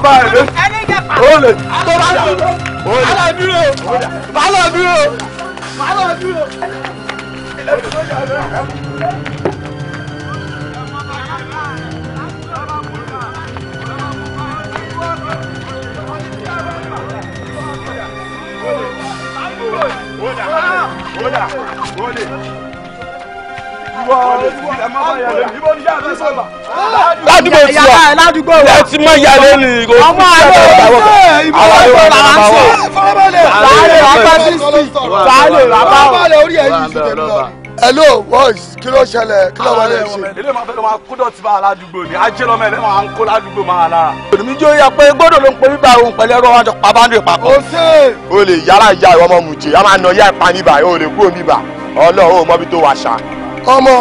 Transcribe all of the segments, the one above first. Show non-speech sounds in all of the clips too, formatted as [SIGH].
bàbá rẹ̀ lé. ó lè tó bá dà ó lè. bàlọ̀ dúró bàlọ̀ dúró bàlọ̀ dúró. Hola, hola, hola ládùúgbò tí wa ládùúgbò wa ẹ ti mọ ìyàlẹ ni kò sí ìyàlẹ àwọn àwọn àwọn àwọn àwọn àwọn àwọn àwọn hello boys kí ló ṣẹlẹ̀ kí ló wọlé ṣe. ilé máa fẹ́ lọ́ máa kó dọ̀tí bá aládùúgbò ni ajé lọ́mọ ẹ̀ lẹ́wọ̀n à ń kó ládùúgbò máa lára. èmi jó ya pé gbọ́dọ̀ ló ń pè mí bá òun pẹ̀lú ẹ̀rọ wọn jọ pa báńdì papọ̀. o ṣe. o lè yára ìyá ìwọ́mọ̀ mùjẹ́ a máa nà ya ìpa níbà o lè kúrò níbà ọlọ́run ò mọ́bi tó wà ṣá ọmọ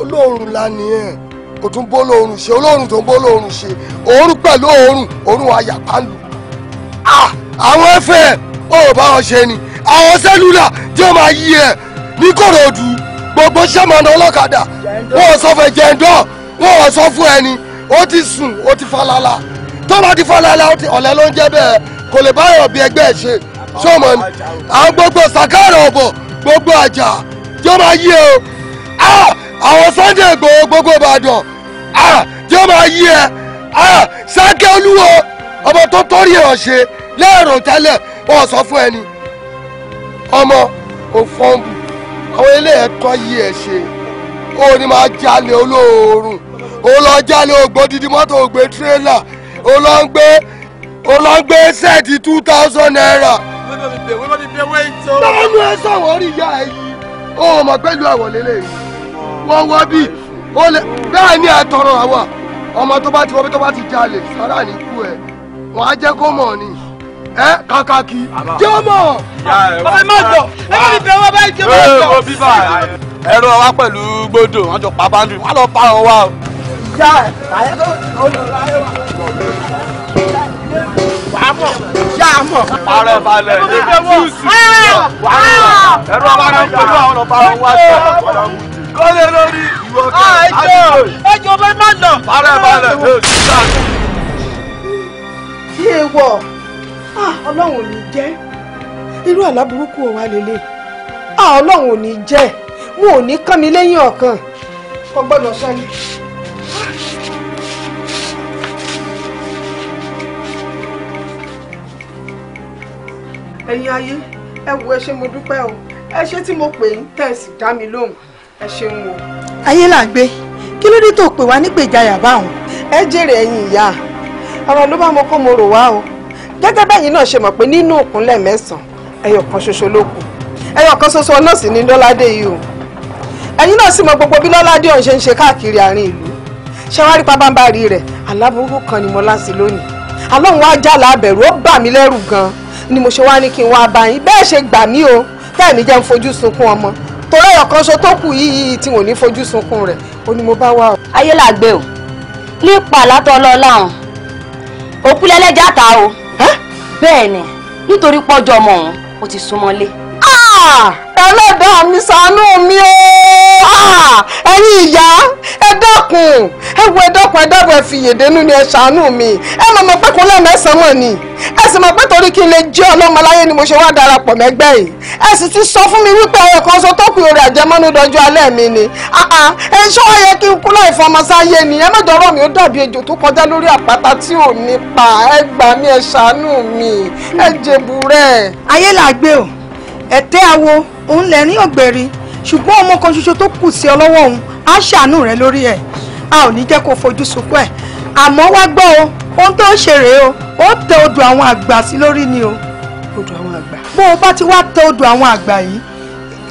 olóòrùn la nìyẹn kò tún bó lóòrùn ṣe olóòrùn tó ń bó lóòrùn ṣe òórùn pẹ̀lú òórùn òórùn àyàpánu àwọn ẹfẹ ò bá wọn ṣe ni àwọn sẹ́lúlà tí ó máa yí ẹ ní kòròdú gbogbo sẹ́mọ̀nà ọlọ́kadà wọ́n sọ fún jẹ̀ǹdọ́ wọ́n sọ fún ẹni ó ti sùn ó ti falala tó bá ti falala ọ̀lẹ́ ló ń jẹ́ bẹ́ẹ̀ kò lè báyọ̀ bí ẹgbẹ́ ẹ̀ ṣe sọ́mọ ni àwọn gbogbo sàkárọ̀ ọ̀bọ̀ gbogbo àjà tí ó máa yí ẹ o àwọn Sunday Igboho gbogbo Ìbàdàn jẹ́ máa yí ẹ Sákẹ́ Olúwo ọmọ tó torí ẹ̀ ṣe lẹ́ẹ̀rọ tẹ́lẹ̀ wọ́n sọ fún ẹni ọmọ òfòǹbù àwọn eléyẹ̀ kọ́ yí ẹ̀ ṣe ó ní máa jalè olóòórùn ó lọ jalè ògbó dídí mọ́tò ògbé tírélà ó lọ ń gbé ó lọ ń gbé sẹ́ẹ̀tì two thousand naira. lọ́nà ẹ sọ̀rọ̀ rí ìyá ẹ yìí ó mọ̀ pẹ̀lú àwọ̀lélẹ́yìí wọ́wọ́ bí ó lè bẹ́ẹ̀ ni ẹ̀ tọrọ ọmọ tó bá ti wọ́n bí tó bá ti jalè sára ní ikú ẹ̀ wọ́n á jẹ́ kó mọ̀ ni ẹ kàkà jẹ́ ó mọ̀ má gbọ́ ẹ má fi bẹ̀rù ọba ìjẹ́ ó mọ̀ ẹ̀rọ wa pẹ̀lú gbọ́dọ̀ wọ́n jọ pa báńdù wọ́n lọ pa ọ wa o. ìyá ẹ̀ ayé balẹ̀ ní júùsì. ẹ̀rọ abáná ń pẹ̀lú àwọn ọba wa sí ọ̀pọ̀lọpọ̀ kọ́lé lórí ìwọ kẹ́ àjọ ẹjọ bẹ́ẹ̀ má lọ. bàrẹ̀ bàrẹ̀ ẹ ò sí sáà. bí ewọ ọlọ́run ò ní jẹ́ irú àlá burúkú wa lélẹ̀ ah, ọlọ́run ò ní jẹ́ wọn ò ní kán mi lẹ́yìn ọ̀kan kò gbọ́dọ̀ ṣẹlẹ̀. ẹ̀yin ayé ẹ wo ẹ ṣé mo dúpẹ́ o ẹ ṣé tí mo pè ń tẹ̀sí dá mi lóhùn ẹ ṣeun o. ayé là ń gbé kí ló dé tó pè wá nípèjáyà báwọn. ẹ jèrè ẹ̀yin ìyá ọ̀rọ̀ ló bá mọ kó mo rò wá o gẹ́gẹ́ bẹ́yìn náà ṣe mọ̀ pé nínú òkúnlẹ̀ mẹ́sàn-án ẹyọ kan ṣoṣo ló kù ẹyọ kan ṣoṣo náà sì ni lọ́ládé yìí o ẹ̀yin náà sì mọ̀ gbogbo bí lọ́ládé ọ̀hún ṣe ń ṣe káàkiri àárín ìlú ṣẹwárí pabambari rẹ̀ aláburúkú kan ni mo láti lónìí alóhùn wá jàlá àbẹ̀rù ó bà mí lẹ́rù gan ni mo ṣe wá ní kí n wá bá yín bẹ́ẹ̀ ṣe gbà mí o tẹ́ẹ̀mí jẹ́ ń fojú sunkún ọmọ torí ọ̀rọ̀ kan ṣo tó kù yìí tí wọn ò ní fojú sunkún rẹ̀ ó ní mo bá wà. ayé làgbé o ní pàlátọ́ ọlọ́ọ̀lá ọ̀hún òkú lẹ́lẹ́jà ta o bẹ́ẹ̀ ni nítorí pọ́jọ́ ọmọ òun ó ti súnmọ́lé ẹlẹ́dàá mi ṣàánú mi o ah, ẹ̀yin ìyá ẹ dákun ẹ wo ẹ dákun ẹ dábọ̀ ẹ fi yèdénú ni ẹ ṣàánú mi ẹ mọ̀ mọ̀ pé kò lẹ́mẹ̀ẹ́sán mọ̀ ni ẹ sì mọ̀ pé torí kí n lè jẹ́ ọlọ́mọ láyé ni mo ṣe wá darapọ̀ mẹ́gbẹ́ yìí ẹ sì ti sọ fún mi wípé ọ̀rọ̀ kan sọ tó kù orí àjẹmọ́nú dọjú alẹ́ mi ni ah, ah, ẹ ṣọ́ ọ yẹ kí n kú láì fọmọ sáyé ni ẹ mọ̀jọ ọ̀rọ̀ mi ó dàbí ejò tó kọjá lórí àpáta tí ò ní pa ẹ gbà mí ẹ ṣàánú mi ẹ jẹ̀bù rẹ̀. ayé làgbé o ẹ̀tẹ́ awo òun lẹ́rìn ògbèrì ṣùgbọ́n ọmọ kan ṣoṣo tó kù sí ọ lọ́wọ́ òun á ṣàánú rẹ lórí ẹ̀ a ò ní jẹ́ kó fojú sunkún ẹ̀ àmọ́ wá gbọ́ o ohun tó ṣe rèé o ó tẹ odò àwọn àgbà sí lórí ni o odò àwọn àgbà bó o bá ti wá tẹ odò àwọn àgbà yìí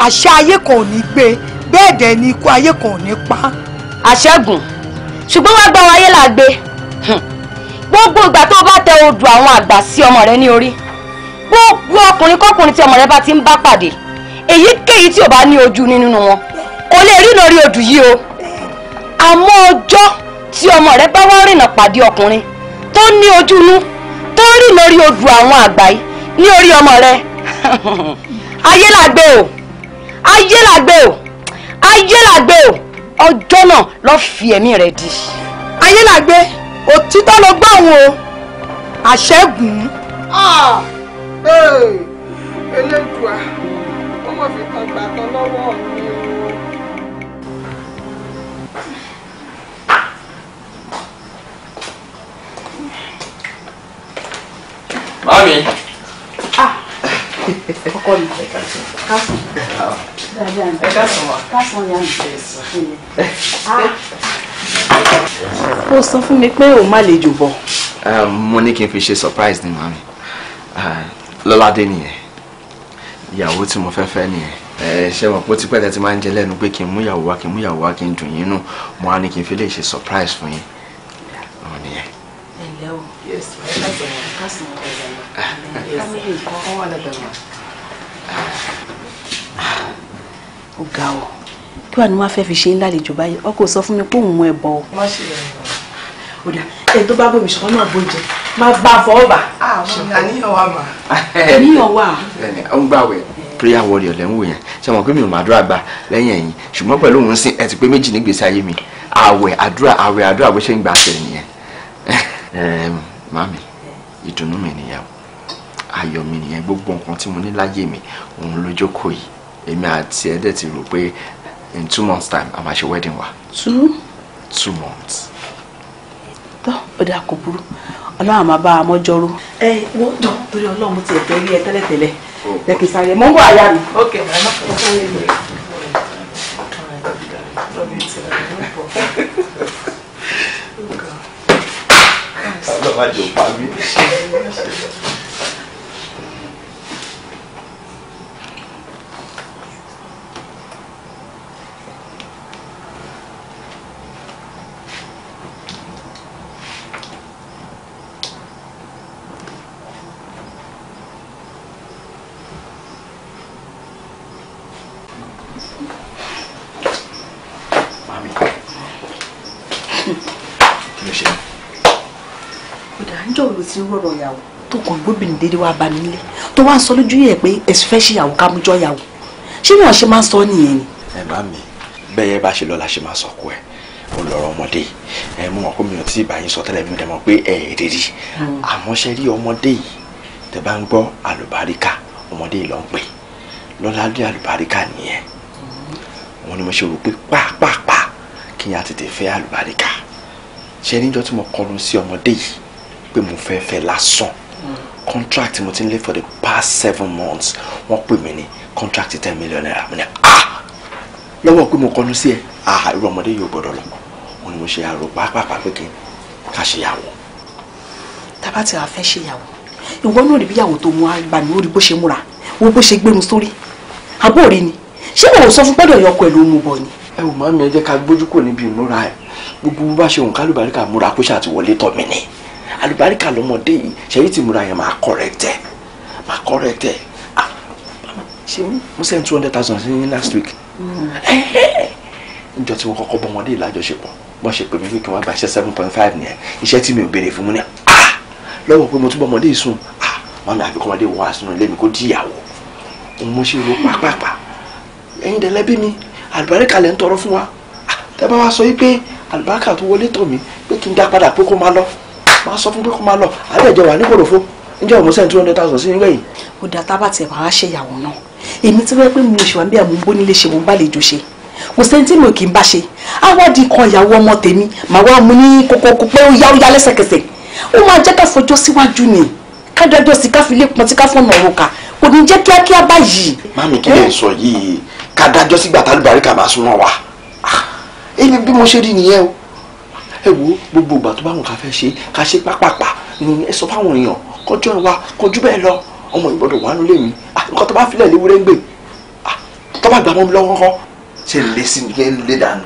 àṣà ayé kan ò ní gbé bẹ́ẹ̀ dẹ̀ ni ikú ayé kan ò ní pa. àṣẹ́gun ṣùgbọ́n wá gbọ́ wáyé làgbé gbogbo ìgbà tó o bá tẹ odò àwọn àgbà sí ọmọ rẹ ní orí gbogbo ọkùnrin kọkùnrin tí ọmọ rẹ bá ti ń bá pàdé èyíkéyìí tí ò bá ní ojú nínú wọn kò lè rí lórí odù yìí o àmọ́ ọjọ́ tí ọmọ rẹ bá wá rìnà pàdé ọkùnrin tó ní ojú inú tó rí lórí odù àwọn àgbà yìí ní orí ọmọ rẹ [LAUGHS] ayé làgbé o ayé làgbé o ayé làgbé o ọjọ́ náà lọ fi ẹ̀mí rẹ di. ayé làgbé òtítọ́ ló gbọ́ òun o àṣẹ́gun. Ah elédùá ó mọ̀ fi kan gbà kan lọ́wọ́ mi o. Mami. Ah, ọkọ mi. Ẹ káàsán. Káàsán. Dáadáa ni. Ẹ káàsán wa. Káàsán ya mi. Ah! Ó sọ fún mi pé òun má lè jò bọ̀. Ah, mo ní kí n fi ṣe surprise ni màmí lọ́ládé nìyẹn ìyàwó tí mo fẹ́ fẹ́ nìyẹn ẹ ṣe mọ̀ pé ó ti pẹ́ tẹ́ ti máa ń jẹ lẹ́nu pé kí n mú ìyàwó wá kí n mú ìyàwó wá kí n dùn yín nù mo á ní kí n fi lè ṣe surprise fún yín ọ̀hún nìyẹn. ẹ ǹlẹ́ o ah. ó ga ọ kí wàá ni wọn fẹ́ fi ṣe ń lálejò báyìí ọkọ sọ fún mi pé òun mú ẹ bọ ọ. ó dà ẹ tó bá bọ̀ mí ṣùgbọ́n náà bó jẹ máa gbà fọwọ́ bà. àníyàn wà mà. àníyàn [LAUGHS] wà. ó ń gbàwẹ̀ prayer warrior lẹ́ ń wò yẹn ṣe mọ̀ pé mi ò máa dúrà gbà lẹ́yìn ẹ̀yìn ṣùgbọ́n pẹ̀lú òun sìn ẹ ti pé méjì nígbèsí ayé mi àwẹ̀ àdúrà àwẹ̀ àdúrà bó ṣe ń gbà àṣẹ nìyẹn. [LAUGHS] màmí ìdùnnú mi nìyẹn o ayọ̀ mi nìyẹn gbogbo nǹkan tí mo ní láyé mi òun ló jókòó yìí èmi àti ẹ̀dẹ̀ ti rò pé in two months time a máa ṣe wedding wa. two two months. tó o dáa kò burú ọlọ́run máa bá a mọ́jọ́rú. ẹ wọ́n dán torí ọlọ́run mo ti ẹ̀ fẹ́ rí ẹ tẹ́lẹ̀tẹ́lẹ̀ lẹ́kìn oh. sáré mọ́ ń bọ̀ àyà mi. ok ọlọ́run máa jò pa mí. [LAUGHS] ìyàwó tó kàn gbóbìnrin déédéé wá bá mi nílé tó wá ń sọ lójú yẹ pé ẹ̀sùn fẹ́ ṣèyàwó ká mú jọyàwó ṣé wọn ṣe máa ń sọ nìyẹn ni. ẹ bá mi bẹ́ẹ̀ bá ṣe lọ́la ṣe máa sọ kú ẹ mo lọ́rọ̀ ọmọdé ẹ mo mọ̀ pé mi ò tí ì bá yín sọ tẹ́lẹ̀ mi dẹ̀ mọ̀ pé ẹ ẹ̀ rírí hmm. àmọ́ ṣe rí ọmọdé yìí tẹ bá ń gbọ́ àlùbáríkà ọmọdé yìí ló ń pè lọ́la dé àlùbáríkà nìyẹn wọn ni mo ṣe rò pé pàápàá kí n yà tètè fẹ́ àlùbáríkà ṣe níjọ́ tí mo kọnu sí ọmọdé yìí pé mo fẹ́ fẹ́ lásán contract mo ti ń lé for the past seven months wọ́n pè mí ní contract ten million naira mo ní ah lọ́wọ́ pé mo kọnu sí ẹ ah irú ọmọdé yóò gbọ́dọ̀ lọ mo ní mo ṣe àrò pàápàá pé kí n ká ṣèyàwó. tábà tí a fẹ́ ṣèyàwó ìwọ náà rí bíyàwó tó mú àgbà ní orí bó ṣe múra wo bó ṣe gbẹrun sórí àbó rí ni ṣé òun sọ fún gbọ́dọ̀ yọkọ ẹ ló mú bọ ni. ẹ ò má mi ẹ jẹ́ ká gbójú kò níbi ìmúra ẹ gbogbo bá ṣe òǹkálùbáríkà múra kó ṣàtiwọlé tọ̀ mí ni alùbáríkà lọmọdé yìí ṣèyí tí múra yẹn máa correct ẹ máa correct ẹ ah, ṣé mo send two hundred thousand sí last week ìjọ mm. eh, eh, eh. tí wọ́n kọ́kọ́ bọ́ ọmọdé ìlàjọṣepọ̀ bọ́n ṣe pè mí pé kí wọ́n gba iṣẹ́ seven point five nìyẹn iṣẹ́ tí mi ò béèrè fún mi ní ah lọ́wọ́ pé mo tún bọ́ ọmọdé sùn ah wọn náà àbíkọ́ ọmọdé wọ́n àsùnú ilé mi kó di ìyàwó mo ṣe ro pàápàá ẹ̀yin dẹ̀lẹ́bí mi àlùbáríkà lẹ́ ń tọrọ fún wa ah, tẹ́ bá wa sọ yí pé àlùbáríkà tó wọlé tọ̀ mí pé kí n dá padà pé kó má lọ máa sọ fún pé kó máa lọ àbẹ̀jẹ̀ wà ní kòròfó níjẹ́ òun sẹ́ni two hundred thousand sí ilé yìí. ó dá tábà tí ẹ̀ máa ṣe ìyàwó náà èmi tí wọ́n pẹ́ mi oṣù àbí àmú bó nílé ṣe mo bá lè jò ṣe kò sẹ́ni tí mi ò kì í bá ṣe àwádìí kan ìyàwó ọmọ tèmi màá wá mu ní kókó pé ó yá ó yá lẹ́sẹ̀kẹsẹ̀ ó máa jẹ́ ká fọjọ́ síwájú ni kájọjọ́ sí ká fi pọn tí ká ọ̀rọ̀ ká kò ní jẹ́ kíákíá báyìí. mami kí lè sọ yìí ká dájọ́ sígbà tálùbáríkà máa súná wa ah, èmi bí mo ṣe rí nìyẹn o ẹ wo gbogbo ìgbà tó bá wọn ká fẹ́ ṣe ká ṣe pápápá ni ẹ sọ fáwọn èèyàn kọjú ẹ wá kọjú bẹ́ẹ̀ lọ ọmọ ìgbọ́dọ̀ wà nílé mi ah, nǹkan tó bá filẹ̀ léwúrẹ́ ń gbè ah, tó bá gbà mọ́ mi lọ́wọ́ kọ́ ṣe lè sí ní ẹnu lé dànù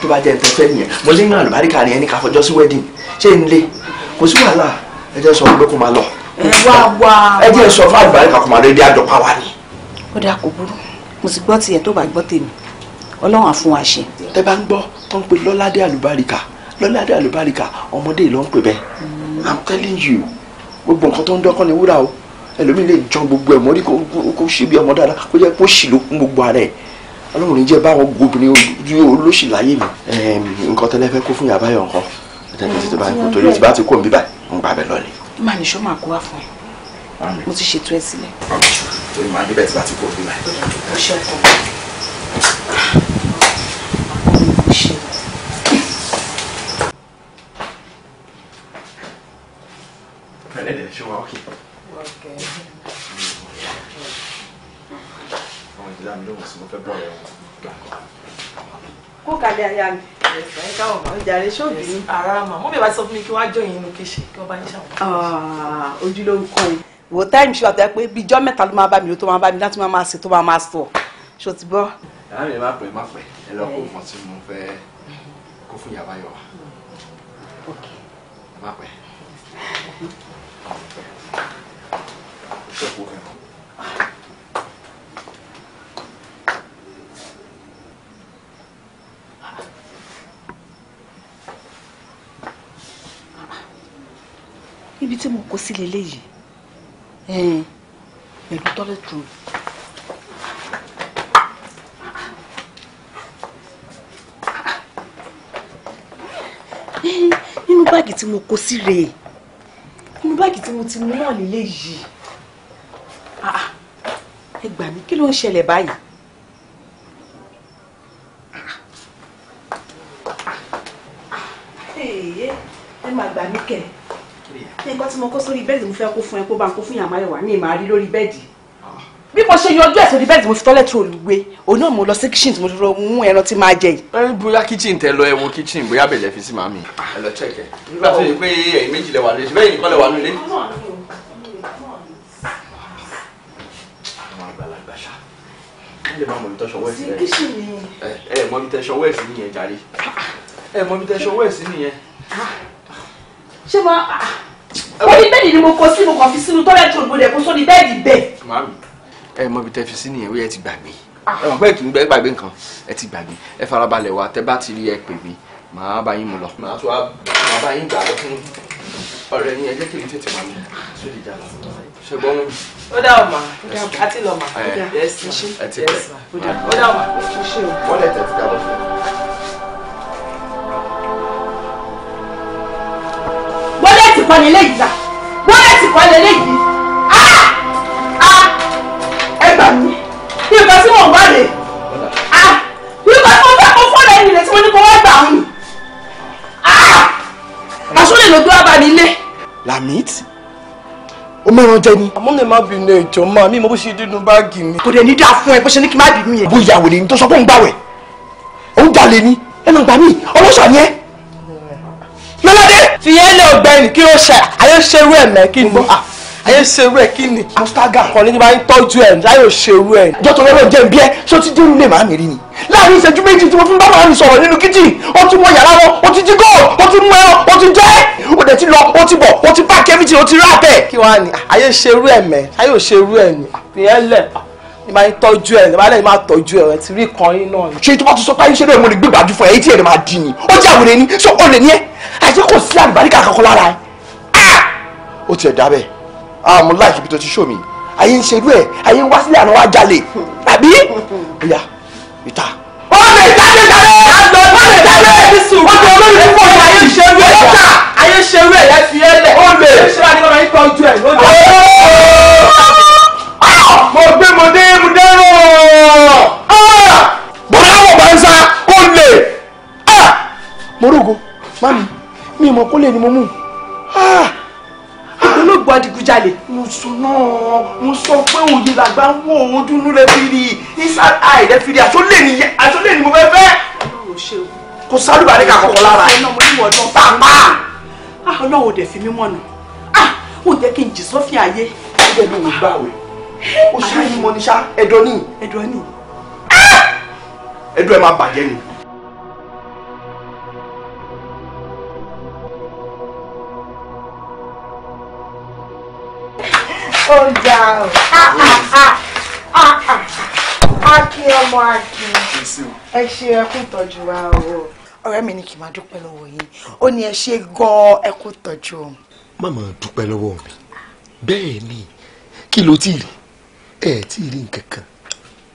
tó bá jẹ́ ẹ̀ńtẹ́ fẹ́ nìyẹn mo ní ìrìn àlùbáríkà ni ẹni ká sí wedding ṣé ń lé kò sí wàhálà ẹ jẹ́ sọ pé kó máa lọ. wá wá ẹ jẹ́ sọ fún àlùbáríkà kó máa lọ ilé àjọpá wa ni. ó dáa kò burú mo sì gbọ́ tiẹ̀ tó bá gbọ́ tèmi ọlọ́run á fún wa ṣe. ẹ bá ń gbọ́ tó ń pe lọ́ládé àlùbáríkà lọ́ládé àlùbáríkà ọmọdé ló ń pè bẹ́ẹ̀ i'm telling you gbogbo nǹkan tó ń dọ́kàn ní wúrà o ẹlòmíì lè jọ gbogbo ẹ̀ mọ́rí kó ṣe bí ọmọ dáadáa kó jẹ́ kó ṣì ló kún gbogbo ara ẹ̀ ọlọ́run níjẹ́ báwọn obìnrin olóṣì láyé mi nǹkan tẹ́lẹ̀ fẹ́ kó fún yàrá báyọ̀ nǹkan tẹ́lẹ̀ títí báyìí kò torí ti bá ti kó mi báyìí ń gbà bẹ́ẹ̀ lọ́lẹ̀. má ní sọ máa kó wá fún ẹ mo ti ṣètò ẹ sílẹ̀. torí màá níbẹ̀ tí bá ti kó mi báyìí. ẹlẹ́dẹ̀ ṣe wa òkè. àwọn ìdílé mi lóhùn sí mo fẹ́ bọ́ọ̀lù ẹ̀wọ̀n. kó kalẹ̀ aya mi. ẹ káwọn ọmọ jàre ṣóòbí ni. ara màá mọ́ mi bá sọ fún mi kí wọ́n á jọ yín inú kíṣe kí wọ́n bá yín ṣàwọn. ojú ló ń kọ́ yìí wò táìmù ṣe wà tó yẹ pé bíjọ́ mẹ́ta ló máa bá mi ló tó máa bá mi láti máa máa ṣe tó máa máa sọ ṣó ti bọ́. ìyá mi má pẹ́ má pẹ́ ẹ lọ kó nǹkan tí mo fẹ́ kó fún ìyá báyọ̀ wá má pẹ́ ṣe kó fẹ́. ibi tí mo kó sí leléyìí pẹ̀lú tọ́lẹ̀tù. nínú báàgì tí mo kó sí rèé nínú báàgì tí mo ti mú náà leléyìí ẹ gbà mí kí ló ń ṣẹlẹ̀ báyìí. ẹ máa gbà mí kẹ ní nǹkan tí mo kó sórí bẹ́ẹ̀dì mo fẹ́ kó fún ẹ kó bá ń kó fún ìyàmá ẹ̀wà ní ìmọ̀ àrí lórí bẹ́ẹ̀dì bí mo ṣe yọjú ẹ̀ sórí bẹ́ẹ̀dì mo fi tọ́lẹ̀ tó olùgbé òun náà mo lọ sí kíchìn tí mo dúró mú ẹran tí máa jẹ yìí. bóyá kíchìn tẹ lọ ẹ wo kíchìn bóyá bẹ̀lẹ̀ fi sí màmí ẹ lọ chẹ́kẹ̀ nígbà tó yẹ pé ẹ̀yin méjì lẹ wà lóṣù bẹ́ẹ̀ nìkan lẹ wà lóṣù sí kíṣìnì. ẹ ẹ mọ ibi tẹ ṣọwọ́ ẹ̀ sí nìyẹn jàre ẹ mọ ibi tẹ ṣọwọ́ ẹ̀ sí nìyẹn. ṣé mo ah, orí bẹ́ẹ̀dì ni mo kọ sí mo kàn fi sínú tọ́lẹ̀tì òdòdó ẹ̀ kó sórí bẹ́ẹ̀dì bẹ́ẹ̀. màmí ẹ mọ ibi tẹ fi sí nìyẹn wíyẹ ti gbàgbé ah. ẹ mọ pé ìtùnú ẹ gbàgbé nǹkan ẹ ti gbàgbé ẹ farabalẹ̀ wá tẹ bá ti rí ẹ pè mí màá bá yín mu lọ. màá tún bá yín gbà lọ fún ọ̀rẹ́ yín ẹ jẹ́ kí n tètè máa mú sódì dára ṣùgbọ́n mo. ó dà ọ̀mà àti lọ́mà. ẹ ti pẹ́ ó dà ọ̀mà. wọ́n lè tẹ̀sí dábọ̀ fún mi. bọ́lẹ̀tì kan lè léyìí dà bọ́lẹ̀tì lè léyìí. Ah! Ah! ẹ gbà mí bí nǹkan tí mò ń bá rè é ah! bí nǹkan tí mo fẹ́ kó fọ́ọ̀lù ẹni rẹ̀ tí mo ní kó wọ́n gbà ń. àṣọ lè lọ gbé wá bá mi lé. Lamid o mẹ́ran jẹ ni. àmọ́ mi má bínú ẹ̀jọ̀ máa mi mo bó ṣe dínú báàgì mi. kò dẹ̀ ní dáa fún ẹ bó ṣe ní kí n má bínú yẹn. bó ìyàwó lè ní tó sọ pé òun gbàwẹ̀ òun jalè ni ẹnu gbà mí ọlọ́ṣà ni ẹ. mẹ́lẹ́dẹ́. fìyẹ́ lé ọgbẹ́ni kí ó ṣe àyè ṣerú ẹ̀ mẹ́ kí ni ah, ayé ṣerú ẹ kí ni. amsterdam kọ́ni ní bá ń tọ́jú ẹ̀ láyò ṣerú ẹ̀. jọ́tọ̀ lọ́rọ̀ jẹ́ bí ẹ ṣó ti dé nílé màámi rí ni láàrin ìṣẹ́jú méjì tí mo fi ń bá màmá mi sọ̀rọ̀ nínú kíchìn ó ti mọ yàrá wọn ó ti jí góòlù ó ti mú ẹran ó ti jẹ́ ó dẹ̀ ti lọ ó ti bọ̀ ó ti páàkì ẹ̀mí tí ó ti rà bẹ́ẹ̀. kí wàá ní ayé ṣe irú ẹ̀ mẹ́ ayé ò ṣe irú ẹ̀ nù ìyẹn lẹ̀ ni máa ń tọ́jú ẹ̀ ní báyìí máa tọ́jú ẹ̀ ẹ̀ ti rí kan yín náà. ṣé tó bá tún sọ pé ayé ṣe lóye mo lè gbé gbàdú fún ẹ etí ẹ̀ lè máa dì ní ó jẹ́ àwòrán ni ṣé o lè ní ẹ àti kò sí àlùbáríkà kankan lára ẹ. Ah! ó tiẹ̀ dá bẹ́ẹ̀ ah mo láìkí ibi tó ti ṣó mi ayé ń ṣerú ẹ̀ ayé ń wá sílẹ̀ àná wá jalè àbí. bóyá ìta. ó lè jáde jáde àgbẹ̀ ó lè jáde ní sùúrù ó lè lórí púpọ̀ ní ayé ṣe wé ẹ̀yà ayé ṣe wé ẹ̀yà fi ẹ̀ lẹ̀ ó lè ṣe wá ní ọmọ yín pa ojú ẹ̀ ló lè. mo gbé mo dé mo dé rò. bọ̀dá àwọn ọ̀gbà ń sá ó lè. mo rògo mami mi ì mọ̀ kó lè ní mo mú jalè. mo sọ náà mo sọ pé òye làgbà ń wò ó dúnú rẹ fìrí inside eye rẹ fìrí àtúnlé ni àtúnlé ni mo fẹ́ fẹ́. kò sálùbà ní kàkọ́kọ́ lára ẹ̀ pàpà. ọlọ́run dẹ̀ fi mí mọ̀nà ah, ó jẹ́ kí n jì sọ́fìn ayé. ẹgbẹ́ mi ò gbà wẹ̀ o ṣáà yín mọ ní ẹ̀dọ́ ní. ẹ̀dọ́ ní. ẹ̀dọ́ ẹ̀ máa bàjẹ́ ni. ó ga Ah ah ọmọ ah, akin ah, ah, ẹ ṣe ẹkún tọ́jú wa o ọ̀rẹ́ mi ni kì í máa dúpẹ́ lọ́wọ́ yín ó ní ẹ ṣe gan-an ẹkún tọ́jú òun. màmá dúpẹ́ lọ́wọ́ mi bẹ́ẹ̀ ni kí ló ti rí ẹ tí ì rí nǹkan kan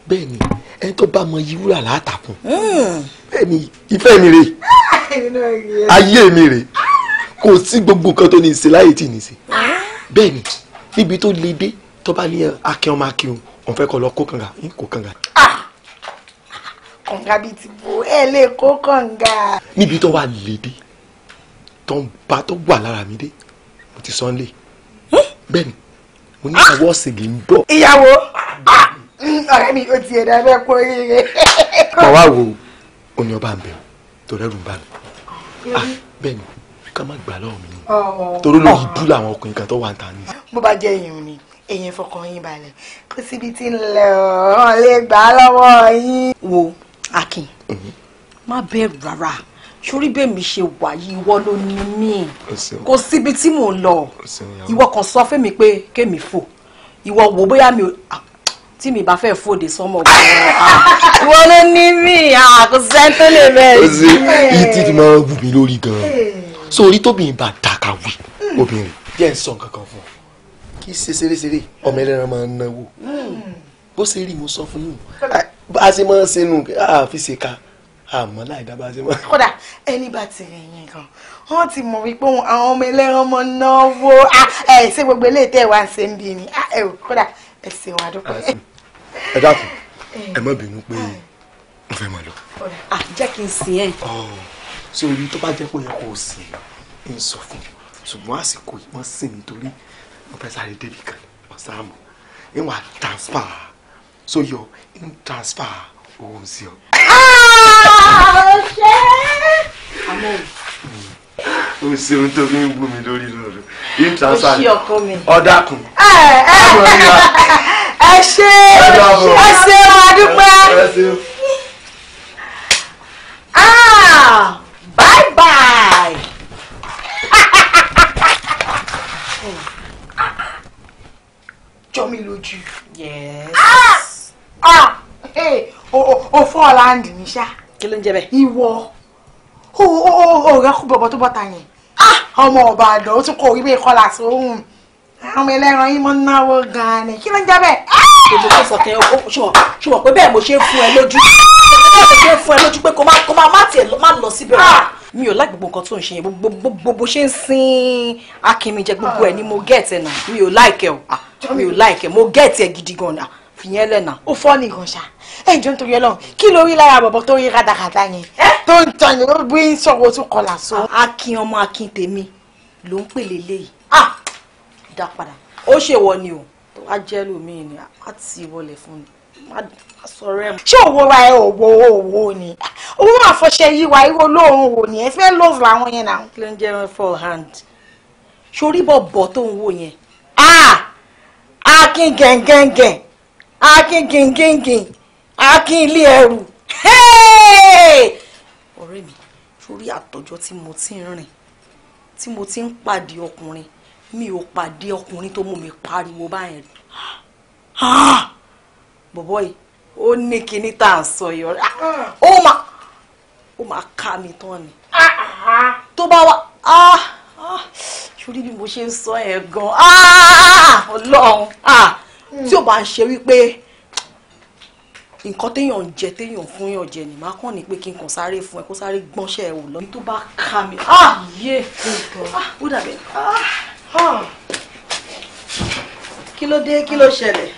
bẹ́ẹ̀ ni ẹni tó bá mọ ìwúrà látàkùn hmm. bẹ́ẹ̀ ni ìfẹ́ mi rè [LAUGHS] ayé mi rè kò sí gbogbo nǹkan tó ní í ṣe ní í bẹ́ẹ̀ ni níbi tó le dé tó bá ní akin ọmọ akin o fẹ́ kọ́ lọ kó kànga yín kó kànga. Ah! kànga bíi ti bo ẹ lè kó kànga. níbi tó wà le dé tó ń ba tó wà lára mi dé mo ti sọ ń lè hmm? bẹ́ẹ̀ ni mo ní ìyàwó ọ̀sìngì ń bọ̀. ìyàwó ah! ọ̀rẹ́ mi ò tiẹ̀ dá bẹ́ẹ̀ kó rere. mọ̀ wá wo oní ọba ń tó rẹ́rù ń bá mi ah! bẹ́ẹ̀ ká má gbà lọ́wọ́ mi torí ló yí ah. bú làwọn ọkùnrin kan tó wà ń ta ní. bó bá jẹ́ èèyàn ni èèyàn fọkàn yín balẹ̀ kó síbi tí ń lọ ọ̀hún lè gbà á lọ́wọ́ yín. wo Akin mhm. má bẹ̀rù rárá sórí bẹ́ẹ̀mí ṣe wà yìí ìwọ ló ní mí kò síbi tí mò ń lọ ìwọ kan sọ fún mi pé kémi fò ìwọ wò bóyá mi tí mi bá fẹ́ fòde sọ́mọ gbọ́dọ̀ ìwọ ló ní mí kò sẹ́ńtẹ́lẹ̀ mẹ́rin. ìtì ti máa ń wù mí lórí gan-an so orí tóbìnrin bá dàka wí obìnrin jẹ́ ń sọ nǹkan kan fún ọ kí ṣe ṣeréṣeré ọmọ ẹlẹ́ran máa ń náwó bó ṣe rí mo sọ fún yín bá a ṣe máa ń sinú àfi ṣe ka àmọ́ láì dá bá a ṣe máa. kódà ẹni bá ti rìn yín gan wọ́n ti mọ̀ wípé àwọn ọmọ ẹlẹ́ran máa ń náwó ẹ ṣé gbogbo eléyìí tẹ́ ẹ wá ń ṣe ń bí ni ẹ kódà ẹ ṣeun àdúpẹ́. ẹ dákun ẹ má bínú pé mo fẹ́ máa lọ. jẹ́ kí n sìn ẹ́. Oh so orí tó bá jẹ́ pé yẹ kó o sìn ń sọ fún ṣùgbọ́n àsìkò yìí wọ́n sìn nítorí wọ́n fẹ́ sáré débi kan wọ́n sáàmù ìwà transfer so yọ ń transfer owó sí ọ. o ṣeun tó fi ń gbú mi lórí lọ́rọ̀ in transfer ọ̀dà ẹ ṣe ẹ ṣe wàá dúpẹ́. jọ mí lójú. yes. ah, ah! o fọ́ ọ̀la ń dì mí ṣá. kí ló ń jẹ bẹ́ẹ̀. ìwọ o o o rẹ kú bọ̀bọ̀ tó bọ́ta yẹn ah! ọmọ ọba àdán ó tún kọ orí bẹ́ẹ̀ kọlà sóhun àwọn ẹlẹ́ran yín mọ́ náwó gan-an ni kí ló ń jẹ bẹ́ẹ̀. èmi kò sọ kẹ́ ṣùgbọ́n pé bẹ́ẹ̀ mo ṣe ń fún ẹ lójú mo ṣe ń fún ẹ lójú pé kó má má tiẹ̀ má lọ síbẹ̀ rẹ̀ ah! mi ò like gbogbo nǹkan tó ń ṣe yẹn gbogbo bó ṣe ń sin akínmi jẹ gbogbo ẹ ni mo get ẹ nà mi ò like ẹ o mi ò láìkẹ́ mo gẹ̀ẹ́tì ẹ̀ gidi gan-an fìyẹn lẹ́nà. O fọ́ ní gan ṣá ẹ̀ ǹjọ́ nítorí ọlọ́run kí ló rí lára bọ̀bọ̀ tó rí kàdàkàdà yẹn tó ń tan yẹn ló bí ń sọ̀rọ̀ tó kọlà so. akin ọmọ akin tèmi ló ń pè lélẹ́yìí ah dá padà ó ṣèwọ ni o tó wá jẹ́ lómìn ni a ti wọlé fún mi ṣé òwò ra ẹ òwò òwò ni owó àfọṣẹ yìí wa irú olóòórùn wò ni ẹ fẹ́ lóòrùn àwọn yẹn náà. kí ló ń jẹ́ wọn for hand ṣorí bọ̀ bọ̀ tó ń wò yẹn akin gẹ̀ǹgẹ̀ǹgẹ̀ akin gìngìngìn akin ilé ẹrù ọ̀rẹ́ mi sórí àtọ́jọ́ tí mo ti ń rìn tí mo ti ń pàdé ọkùnrin mi ò pàdé ọkùnrin tó mú mi pariwo báyẹn rí ah! bọ̀bọ́ yìí ó ní kinní tá à ń sọ yìí ọ̀rẹ́ ah! ó máa ó máa ká mi tán ni ah, tó bá wà ṣorí bí mo ṣe ń sọ ẹ̀ gan ah! ọlọ́run ah! tí ò bá ń ṣe wípé nǹkan téèyàn ń jẹ téèyàn fún yàn jẹ ni màá kàn ní pé kí n kàn sáré fún ẹ kó sáré gbọ́nṣẹ́ ẹ wò lọ. tó bá ka mi ah! yé ó dàbẹ̀ kí ló dé kí ló ṣẹlẹ̀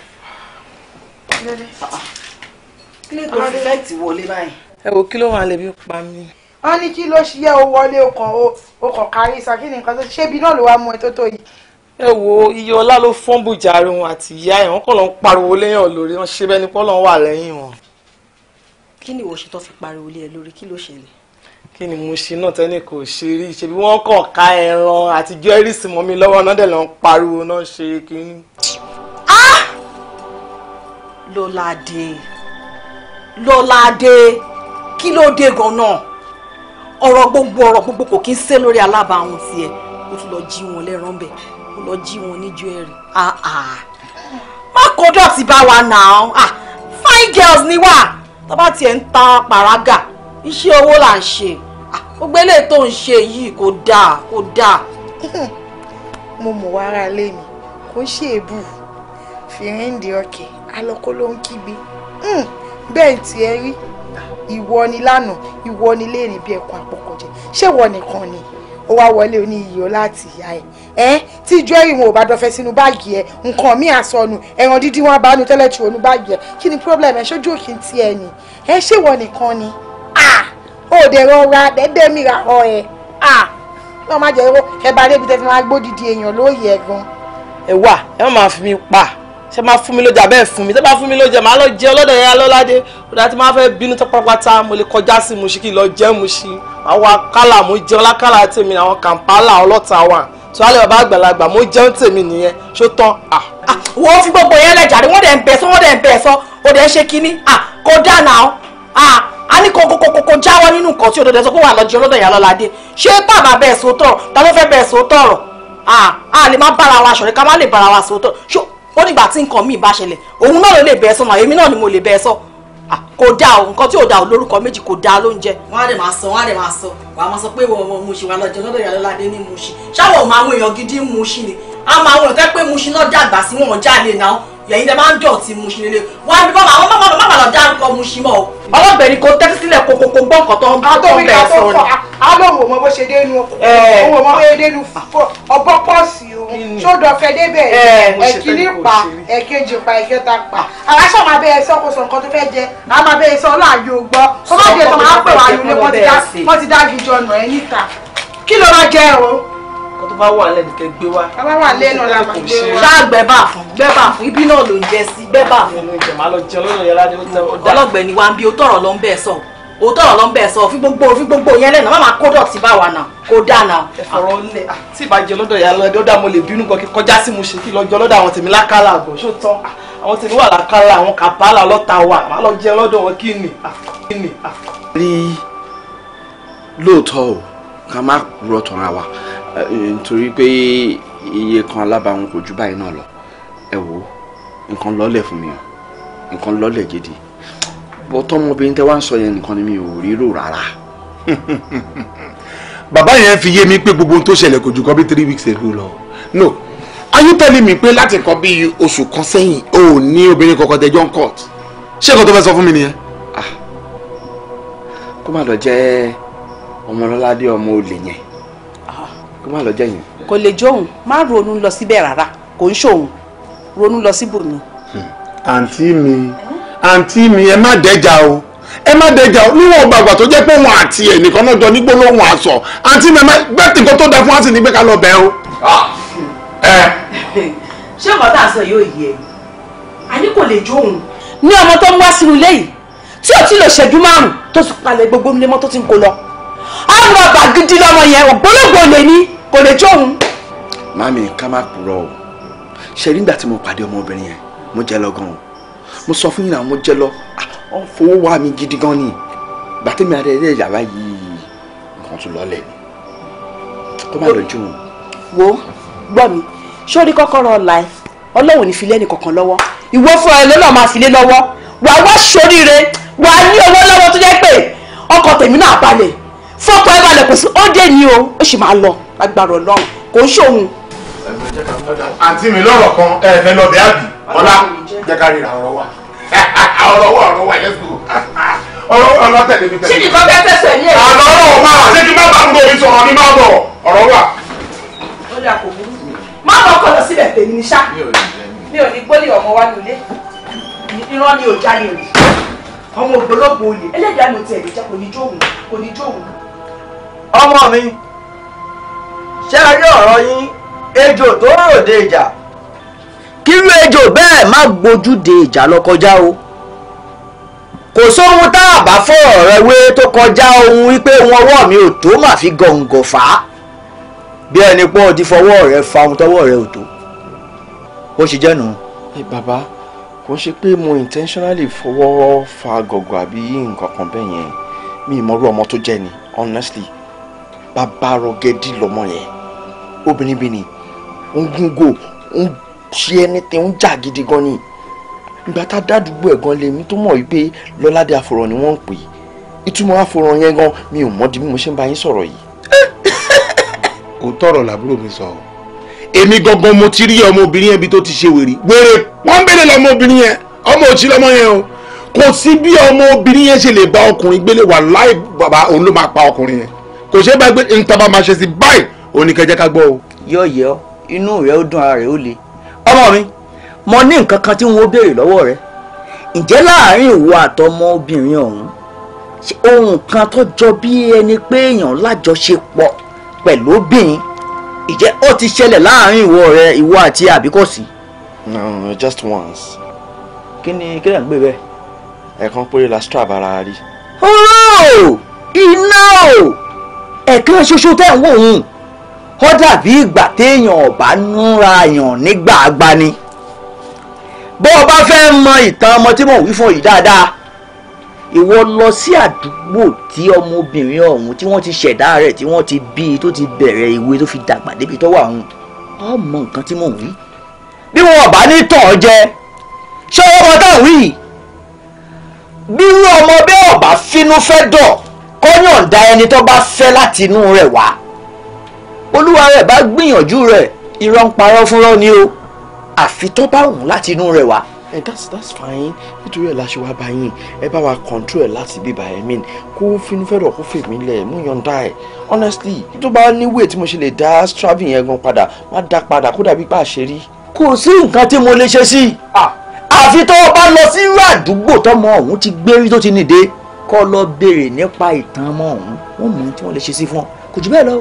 kí ló dé tó reflect wọlé báyìí. ẹ wo kí ló wà lẹ́bi pa mí wọ́n ní kí ló ṣe o wọlé o kàn kárí sọ kí ni nǹkan tó ṣe ṣébi náà ló wá mú ẹ tó tó yìí. ẹ wo iye ọlá ló fọ́n bùjàre wọn àti ìyá ẹ̀ wọ́n kàn lọ́n pariwo léyàn lórí wọn ṣe bẹ́ẹ̀ ni pọ́lọ́n wà lẹ́yìn wọn. kí ni ìwọ ṣe tó fi pariwo lé ẹ lórí kí ló ṣẹlẹ̀. kí ni mo ṣe náà tẹ́ni kò ṣe rí ṣebí wọ́n kàn ká ẹran àti jẹ́rìsì mọ́ mi lọ́wọ́ náà dẹ̀ lọ́n pariwo náà ṣe kínní. lọ́ládé lọ́ládé kí ló dé gan-an náà ọ̀rọ̀ gbogbo ọ̀rọ̀ gbogbo kò kí ń sé lórí alábàáhùn tiẹ̀ ó tún lọ jí wọn lẹ́ran bẹ̀ ó lọ jí wọn níjọ́ ẹ̀rì ah, ah. má kó dọ̀tí bá wa nà án ah, fine girls ni wà tó bá tiẹ̀ ń ta pàrágà iṣẹ́ owó là ń ṣe gbogbo eléyìí tó ń ṣe yìí kò dáa kò dáa. [LAUGHS] mo mọ̀ wá ara ilé mi kò ń ṣe èébù fìrìǹdì ọkẹ́ alọ́kọ́ ló ń kígbe hmm, bẹ́ẹ̀ tiẹ̀ rí Ah, ìwọ ni lánàá ìwọ ni léèrè bí ẹkùn àpọkọjẹ ṣé ìwọ nìkan ni ó wá wọlé oní iyọ̀ láti ìyá ẹ ẹ tí ìjọ ìwọn ò bá dọfẹ sínú báàgì ẹ nǹkan mi àsọnù ẹran dídí wọn bá nu tẹ́lẹ̀ tí wọn nu báàgì ẹ kí ni problem ẹ ṣojú òkè ti ẹ ni ẹ ṣé ìwọ nìkan ni ah, ó dẹ̀ rọra dẹ́dẹ́ mi ra ọ ẹ ah, lọ́ọ́ má ẹ bá débi tẹ́ máa gbódìdí èèyàn lóye ẹ gan. ẹ wà ẹ má fi mi pa ṣe máa fún mi lóúnjẹ abẹ́ fún mi ṣe máa fún mi lóúnjẹ màá lọ jẹ ọlọ́dẹ yẹn alọ́ládé ọ̀dà tí máa fẹ́ bínú tán pátápátá mo lè kọjá sí mu sí kí n lọ jẹ́ mu sí àwọn akálà mo jẹun lákàlà tèmi àwọn kàǹpálà ọlọ́ta wà tó alẹ́ bàbá àgbàlagbà mo jẹun tèmi nìyẹn ṣó tán. wọ́n fi gbogbo yẹn lẹ̀ jàre wọ́n dẹ̀ ń bẹ̀ sọ wọ́n dẹ̀ ń bẹ̀ sọ ó dẹ̀ ṣe kínní kó dáná a ní kòkòkòkò jáwọ́ nínú nǹkan tí òdòdó sọ pé wà lọ́jọ́ ọlọ́dọ̀ ìyá lọ́ládé ṣé bàbá bẹ́ẹ̀ sòótọ́ ta ló fẹ́ bẹ́ẹ̀ sòótọ́ ọ̀rọ̀ a lè má bára wa ṣọ̀rẹ́ ká má lè bára wa sòótọ́ ó nígbà tí nǹkan míì bá ṣẹlẹ̀ òun náà ló lè bẹ ẹ èmi náà ni mo lè bẹ ẹ sọ kò dáa o nǹkan tí ò dáa o lórúkọ méjì kò dáa ló ń jẹ. wọn á dẹ̀ máa sọ wọn á dẹ̀ máa sọ wàá máa sọ pé wọn ọmọ Mùṣín wà lọ́jọ́ lọ́dọ̀ ìyàlọ́ládé ní Mùṣín ṣáwọ̀ ọmọ àwọn èèyàn gidi Mùṣín ni àmọ́ àwọn èèyàn tẹ́ pé Mùṣín náà dàgbà sí wọn ò jáde náà yẹ̀yin dẹ̀ máa ń dọ̀tí Mushin lélẹ̀ wá ní bọ́ọ̀lù àwọn bàbá bàbá lọ dárúkọ Mushin mọ́ o. ọlọ́bẹ̀rin kò tẹ́tí sílẹ̀ kókókó gbọ́ nǹkan tó ń bọ̀ bẹ́ẹ̀ sọ ni. alóhùn mọ bó ṣe dénú òhùn mọ bó dénú ọgbọ́ pọ́ọ̀sì òun sódò fẹ́ débẹ̀ ẹ̀kíní pa ẹ̀kejì pa ẹ̀kẹta pa. aláṣọ máa bẹ ẹsẹ kó sọ nǹkan tó fẹ́ jẹ a máa bẹ ẹsẹ ọláàyò gbọ́ kó má jẹ tó máa pè wá tó bá wà lẹ́nu kẹ́ gbé wá. bàbá wà lẹ́nu la máa gbé wá. ṣáà gbẹ́bà fún gbẹ́bà fún ibi náà ló ń jẹ sí gbẹ́bà fún. ọlọ́gbẹ̀ni wa ń bi òótọ́rọ̀ ló ń bẹ̀ sọ òótọ́rọ̀ ló ń bẹ̀ sọ fi gbogbo fi gbogbo yẹn lẹ́nu má máa kó dọ̀tí bá wa náà kó dáná. ẹ̀fọ̀rọ̀ ńlẹ̀ tí ìbàjẹ́ lọ́dọ̀ ìyá lọ́dọ̀ dá mo lè bínú gan kí kọjá sí mo ṣe kí lọ́jọ́ lọ́dọ̀ àwọn tèmi lákàlà àgọ́ ṣó tán àwọn tèmi wà lákàlà àwọn kàbálà lọ́ta wà má lọ jẹ lọ́dọ̀ wọn kí ni. rí lóòótọ́ o ká má rọ̀tàn ra wa nítorí pé iye kan alábàáhùn kò ju báyìí náà lọ ẹ wo nǹkan lọ́lẹ̀ fún mi o nǹkan lọ́lẹ̀ gidi bọ́ tọ́mọbìnrin tẹ́ wá ń sọ yẹn nìkan ni mi ò rírò rárá. [LAUGHS] bàbá yẹn fi yé mi pé gbogbo ohun tó ṣẹlẹ̀ kò ju kọ́ bí three weeks ago lọ no are you telling me pé láti kọ́ bí oṣù kan sẹ́yìn ò ní obìnrin kankan tẹ john court ṣé nǹkan tó fẹ́ sọ fún mi nìyẹn. Ah. kó má lọ jẹ́ ọmọlọ́ládé ọmọ olè yẹn kó má lọ jẹ́ yẹn. kò lè jóun má ronú lọ síbẹ̀ rárá kò ń ṣòun ronú lọ síbòmí. Hmm. àǹtí mi àǹtí mi ẹ má dẹ́jà o ẹ má dẹ́jà o níwọ̀n gbàgbà tó jẹ́ pé wọn àti ẹ̀ nìkan náà jọ ní gbólóhùn aṣọ àǹtí mi gbẹ́ tí nǹkan tó da fún wa sì ní gbé ká lọ bẹ́ẹ̀ o. Ah. ṣé ọkọ tá a sọ yóò yẹ àní kò lè jóun. ní ọmọ tó ń wá sínú ilé yìí tí ò tí ì lọ ṣẹ́jú márùn-ún tó ti palẹ̀ gbogbo nílé mọ́tò tí ń kó lọ àwọn ọgbà gidi lọmọ yẹn ògbólógbò lè ní kò lè jó òun. màmí ká má purọ́ o ṣe rí nígbà tí mo pàdé ọmọbìnrin yẹn mo jẹ́ lọ gan o mo sọ fún yín náà mo jẹ́ lọ ọ ah, ń fowó wá mi gidi gan ni gbàtẹ́mi ara ẹ̀rẹ́ ìyàrá yìí nǹkan tún lọ́lẹ̀ ni kó má lọ jó òun. wo gbọ́ mi sórí kọ́kọ́rọ́ ọ̀la ẹ̀ ọlọ́run ní filẹ́ nìkankan lọ́wọ́ ìwọ fúnra ẹ̀ lọ́nà máa filé lọ́wọ́ wàá wá sóríire wàá ní owó lọ́wọ́ tó jẹ́ pé ọkọ̀ tèmi náà balẹ̀ fọ́kọ ẹ balẹ̀ kò sí ó dé ni o ó sì máa lọ agbára ọlọ́run kò ń ṣòun. àǹtí mi lọ́rọ̀ kan ẹ fẹ́ lọ bẹ́ẹ̀ àbí ọlá jẹ́ ká ríra ọ̀rọ̀ wa [LAUGHS] ọ̀rọ̀ wa ọ̀rọ̀ wa let's go ọ̀rọ̀ ọlọ́tẹ̀lẹ́ mi tẹ̀lé. ṣé nìkan bẹ́ẹ̀ fẹsẹ̀ ní ẹ̀. àlọ́ ọ̀rọ̀ wa ṣé kí má bàa ń gbòòrò sọ̀rọ̀ ní má bọ̀ ọ̀rọ̀ wa. ó dà kò burú má lọ ọkọ lọ sílẹ̀ tèmi ní sá mi ò ní gbólé ọmọ wa nílé irọ́ mi ò jáde rí ọmọ ògbólógbò olè ẹlẹ́dàá ló tiẹ̀ lè jẹ́ kò ní jó òun kò ní jó òun. ọmọ mi ṣé a rí ọ̀rọ̀ yín ejò tó ròde ìjà. kírú ejò bẹ́ẹ̀ má gbójúde ìjà lọ kọjá o kò sóhun tá a bá fọ ọ̀rọ̀ ewé tó kọjá ohun wípé wọn ọwọ́ mi ò tó mà fi gọ̀ǹgọ̀ fà á bí ẹni pọ́ ti fọwọ́ rẹ fa ohun tọwọ́ rẹ ò tó ó ṣe jẹ́ nù. bàbá kò ṣe pé mo intentionally fọwọ́ fa gọ̀gọ̀ àbí nǹkan kan bẹ́ẹ̀ yẹn mi ìmọ̀rú ọmọ tó jẹ́ ni honestly bàbá rọgẹ́dì lọ́mọ yẹn obìnrin bíi ni ń gúngò ń ṣe anything ń jà gidi gan ni ìgbà tá a dádúgbò ẹ̀ gan lèmi tó mọ̀ wípé lọ́ládé àfòrọ̀ ni wọ́n ń pè ìtumọ̀ àfòrọ̀ yẹn gan mi ò mọ̀ di bí mo ṣe ń bá yín sọ̀rọ̀ yìí. òótọ́ ọ̀rọ̀ làbúrò mi sọ èmi gangan mo ti rí ọmọbìnrin yẹn bí tó ti ṣe wèrè wèrè wọ́n bèrè lọ́mọbìnrin yẹn ọmọ òsì lọ́mọ yẹn o kò sí bí ọmọbìnrin yẹn ṣe lè bá ọkùnrin gbélé wà láì bàbá òun ló máa pa ọkùnrin yẹn kò ṣe é bá gbé ntaba máa ṣe sí báyìí òun ni kẹjẹ ká gbọ́ o. yọ yẹ ọ inú rẹ ó dùn ara rẹ ó le ọmọ mi mo ní nǹkan kan tí n ó béèrè lọ́wọ́ rẹ ǹjẹ́ láàárín ìwọ àtọmọbìnrin ọ̀hún ohun kan tó jọ bí ẹni pé èèyàn lájọṣepọ̀ pẹ̀lú obìnrin ìjẹ́ ó ti ṣẹlẹ̀ láàrin ìwọ rẹ ìwọ àti àbíkọ́sí. no just once. kí ni kí lè ń gbé bẹ́ẹ̀. ẹ̀kan péré la strap ara rí. ooo iná o ẹ̀kan ṣoṣo tẹ̀ ń wò yín ó dàbí ìgbà téèyàn ọ̀bá núra yàn nígbà agbani. bó o bá fẹ́ mọ ìtàn ọmọ tí mò wí fún yìí dáadáa ìwọ lọ sí àdúgbò tí ọmọbìnrin ọ̀hún tí wọ́n ti ṣẹ̀dá rẹ̀ tí wọ́n ti bí tó ti bẹ̀rẹ̀ ìwé tó fi dàgbà débi tó wà ọ̀hún ọmọ nǹkan tí mò ń wí. bí wọn ò bá ní tàn ọ́ jẹ ṣé ọmọ táwọn wí yìí bí irú ọmọ bẹ́ẹ̀ ọ̀bá fínú fẹ́ dọ̀ kó yọ̀ǹda ẹni tó bá fẹ́ láti inú rẹ̀ wá olúwa rẹ̀ bá gbìyànjú rẹ̀ irọ́ ń parọ́ fúnrọ́ ni o àfi tó bá wù láti inú rẹ̀ wá and that's that's fine nítorí ẹ̀ la ṣe wá bá yín ẹ bá wa control ẹ̀ láti bí bá ẹ̀ mean kó finúfẹ́rọ̀ kó fèmí lẹ̀ mú yọ̀ǹda ẹ̀ honestly tó bá ní wéè tí mo ṣe lè dá travel yẹn gan padà má dá padà kó dàbí pa àṣírí. kò sí nǹkan tí mo lè ṣe sí i àfi tó o bá lọ sí irú àdúgbò tọmọ ọ̀hún ti gbé rí tó ti nìde kó lọ béèrè nípa ìtàn ọmọ ọ̀hún wọn mọ tí wọn lè ṣe sí fún ọ kò jù bẹ́ẹ̀ lọ.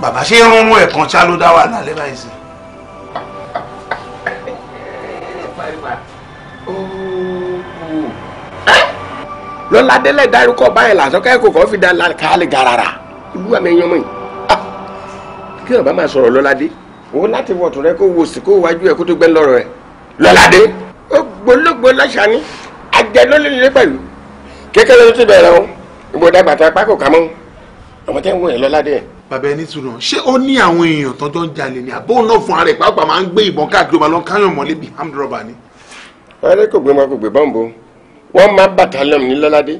bàbá ṣé irun mú ẹ̀kan ṣá ló dá wà lálẹ́ báyìí sí i. lọ́ládélẹ̀ dárúkọ báyìí làtọ́kẹ́ kò kọ́ fi da kálí garara olúwa mi yan mọ́ yìí ah! kí ọba máa sọ̀rọ̀ lọ́ládé o láti wọ̀tún rẹ kó wo sí kó wájú ẹ kó tó gbẹ lọ́rọ̀ ẹ lọ́ládé ó gbólógbó láṣání àjẹ lólélẹ́ pẹ̀lú kékeré ló ti bẹ̀rẹ̀ o ìbò dàgbà tó apá kò ká mọ́ àwọn tẹ́ ń wọ̀ yẹn lọ́ládé ẹ̀. bàbá ẹni tún náà ṣé ó ní àwọn èèyàn tó jọ ń jalè ní àbó náà fún ara ẹ̀ pàápàá máa ń gbé ìbọn káàkiri ọba lọ káyọ̀ mọ́lẹ́bí hamdrọ́bà ni. ọ̀rẹ́ kò gbé wọn kò gbé bọ́ǹbù wọ́n máa battalion ní lọ́ládé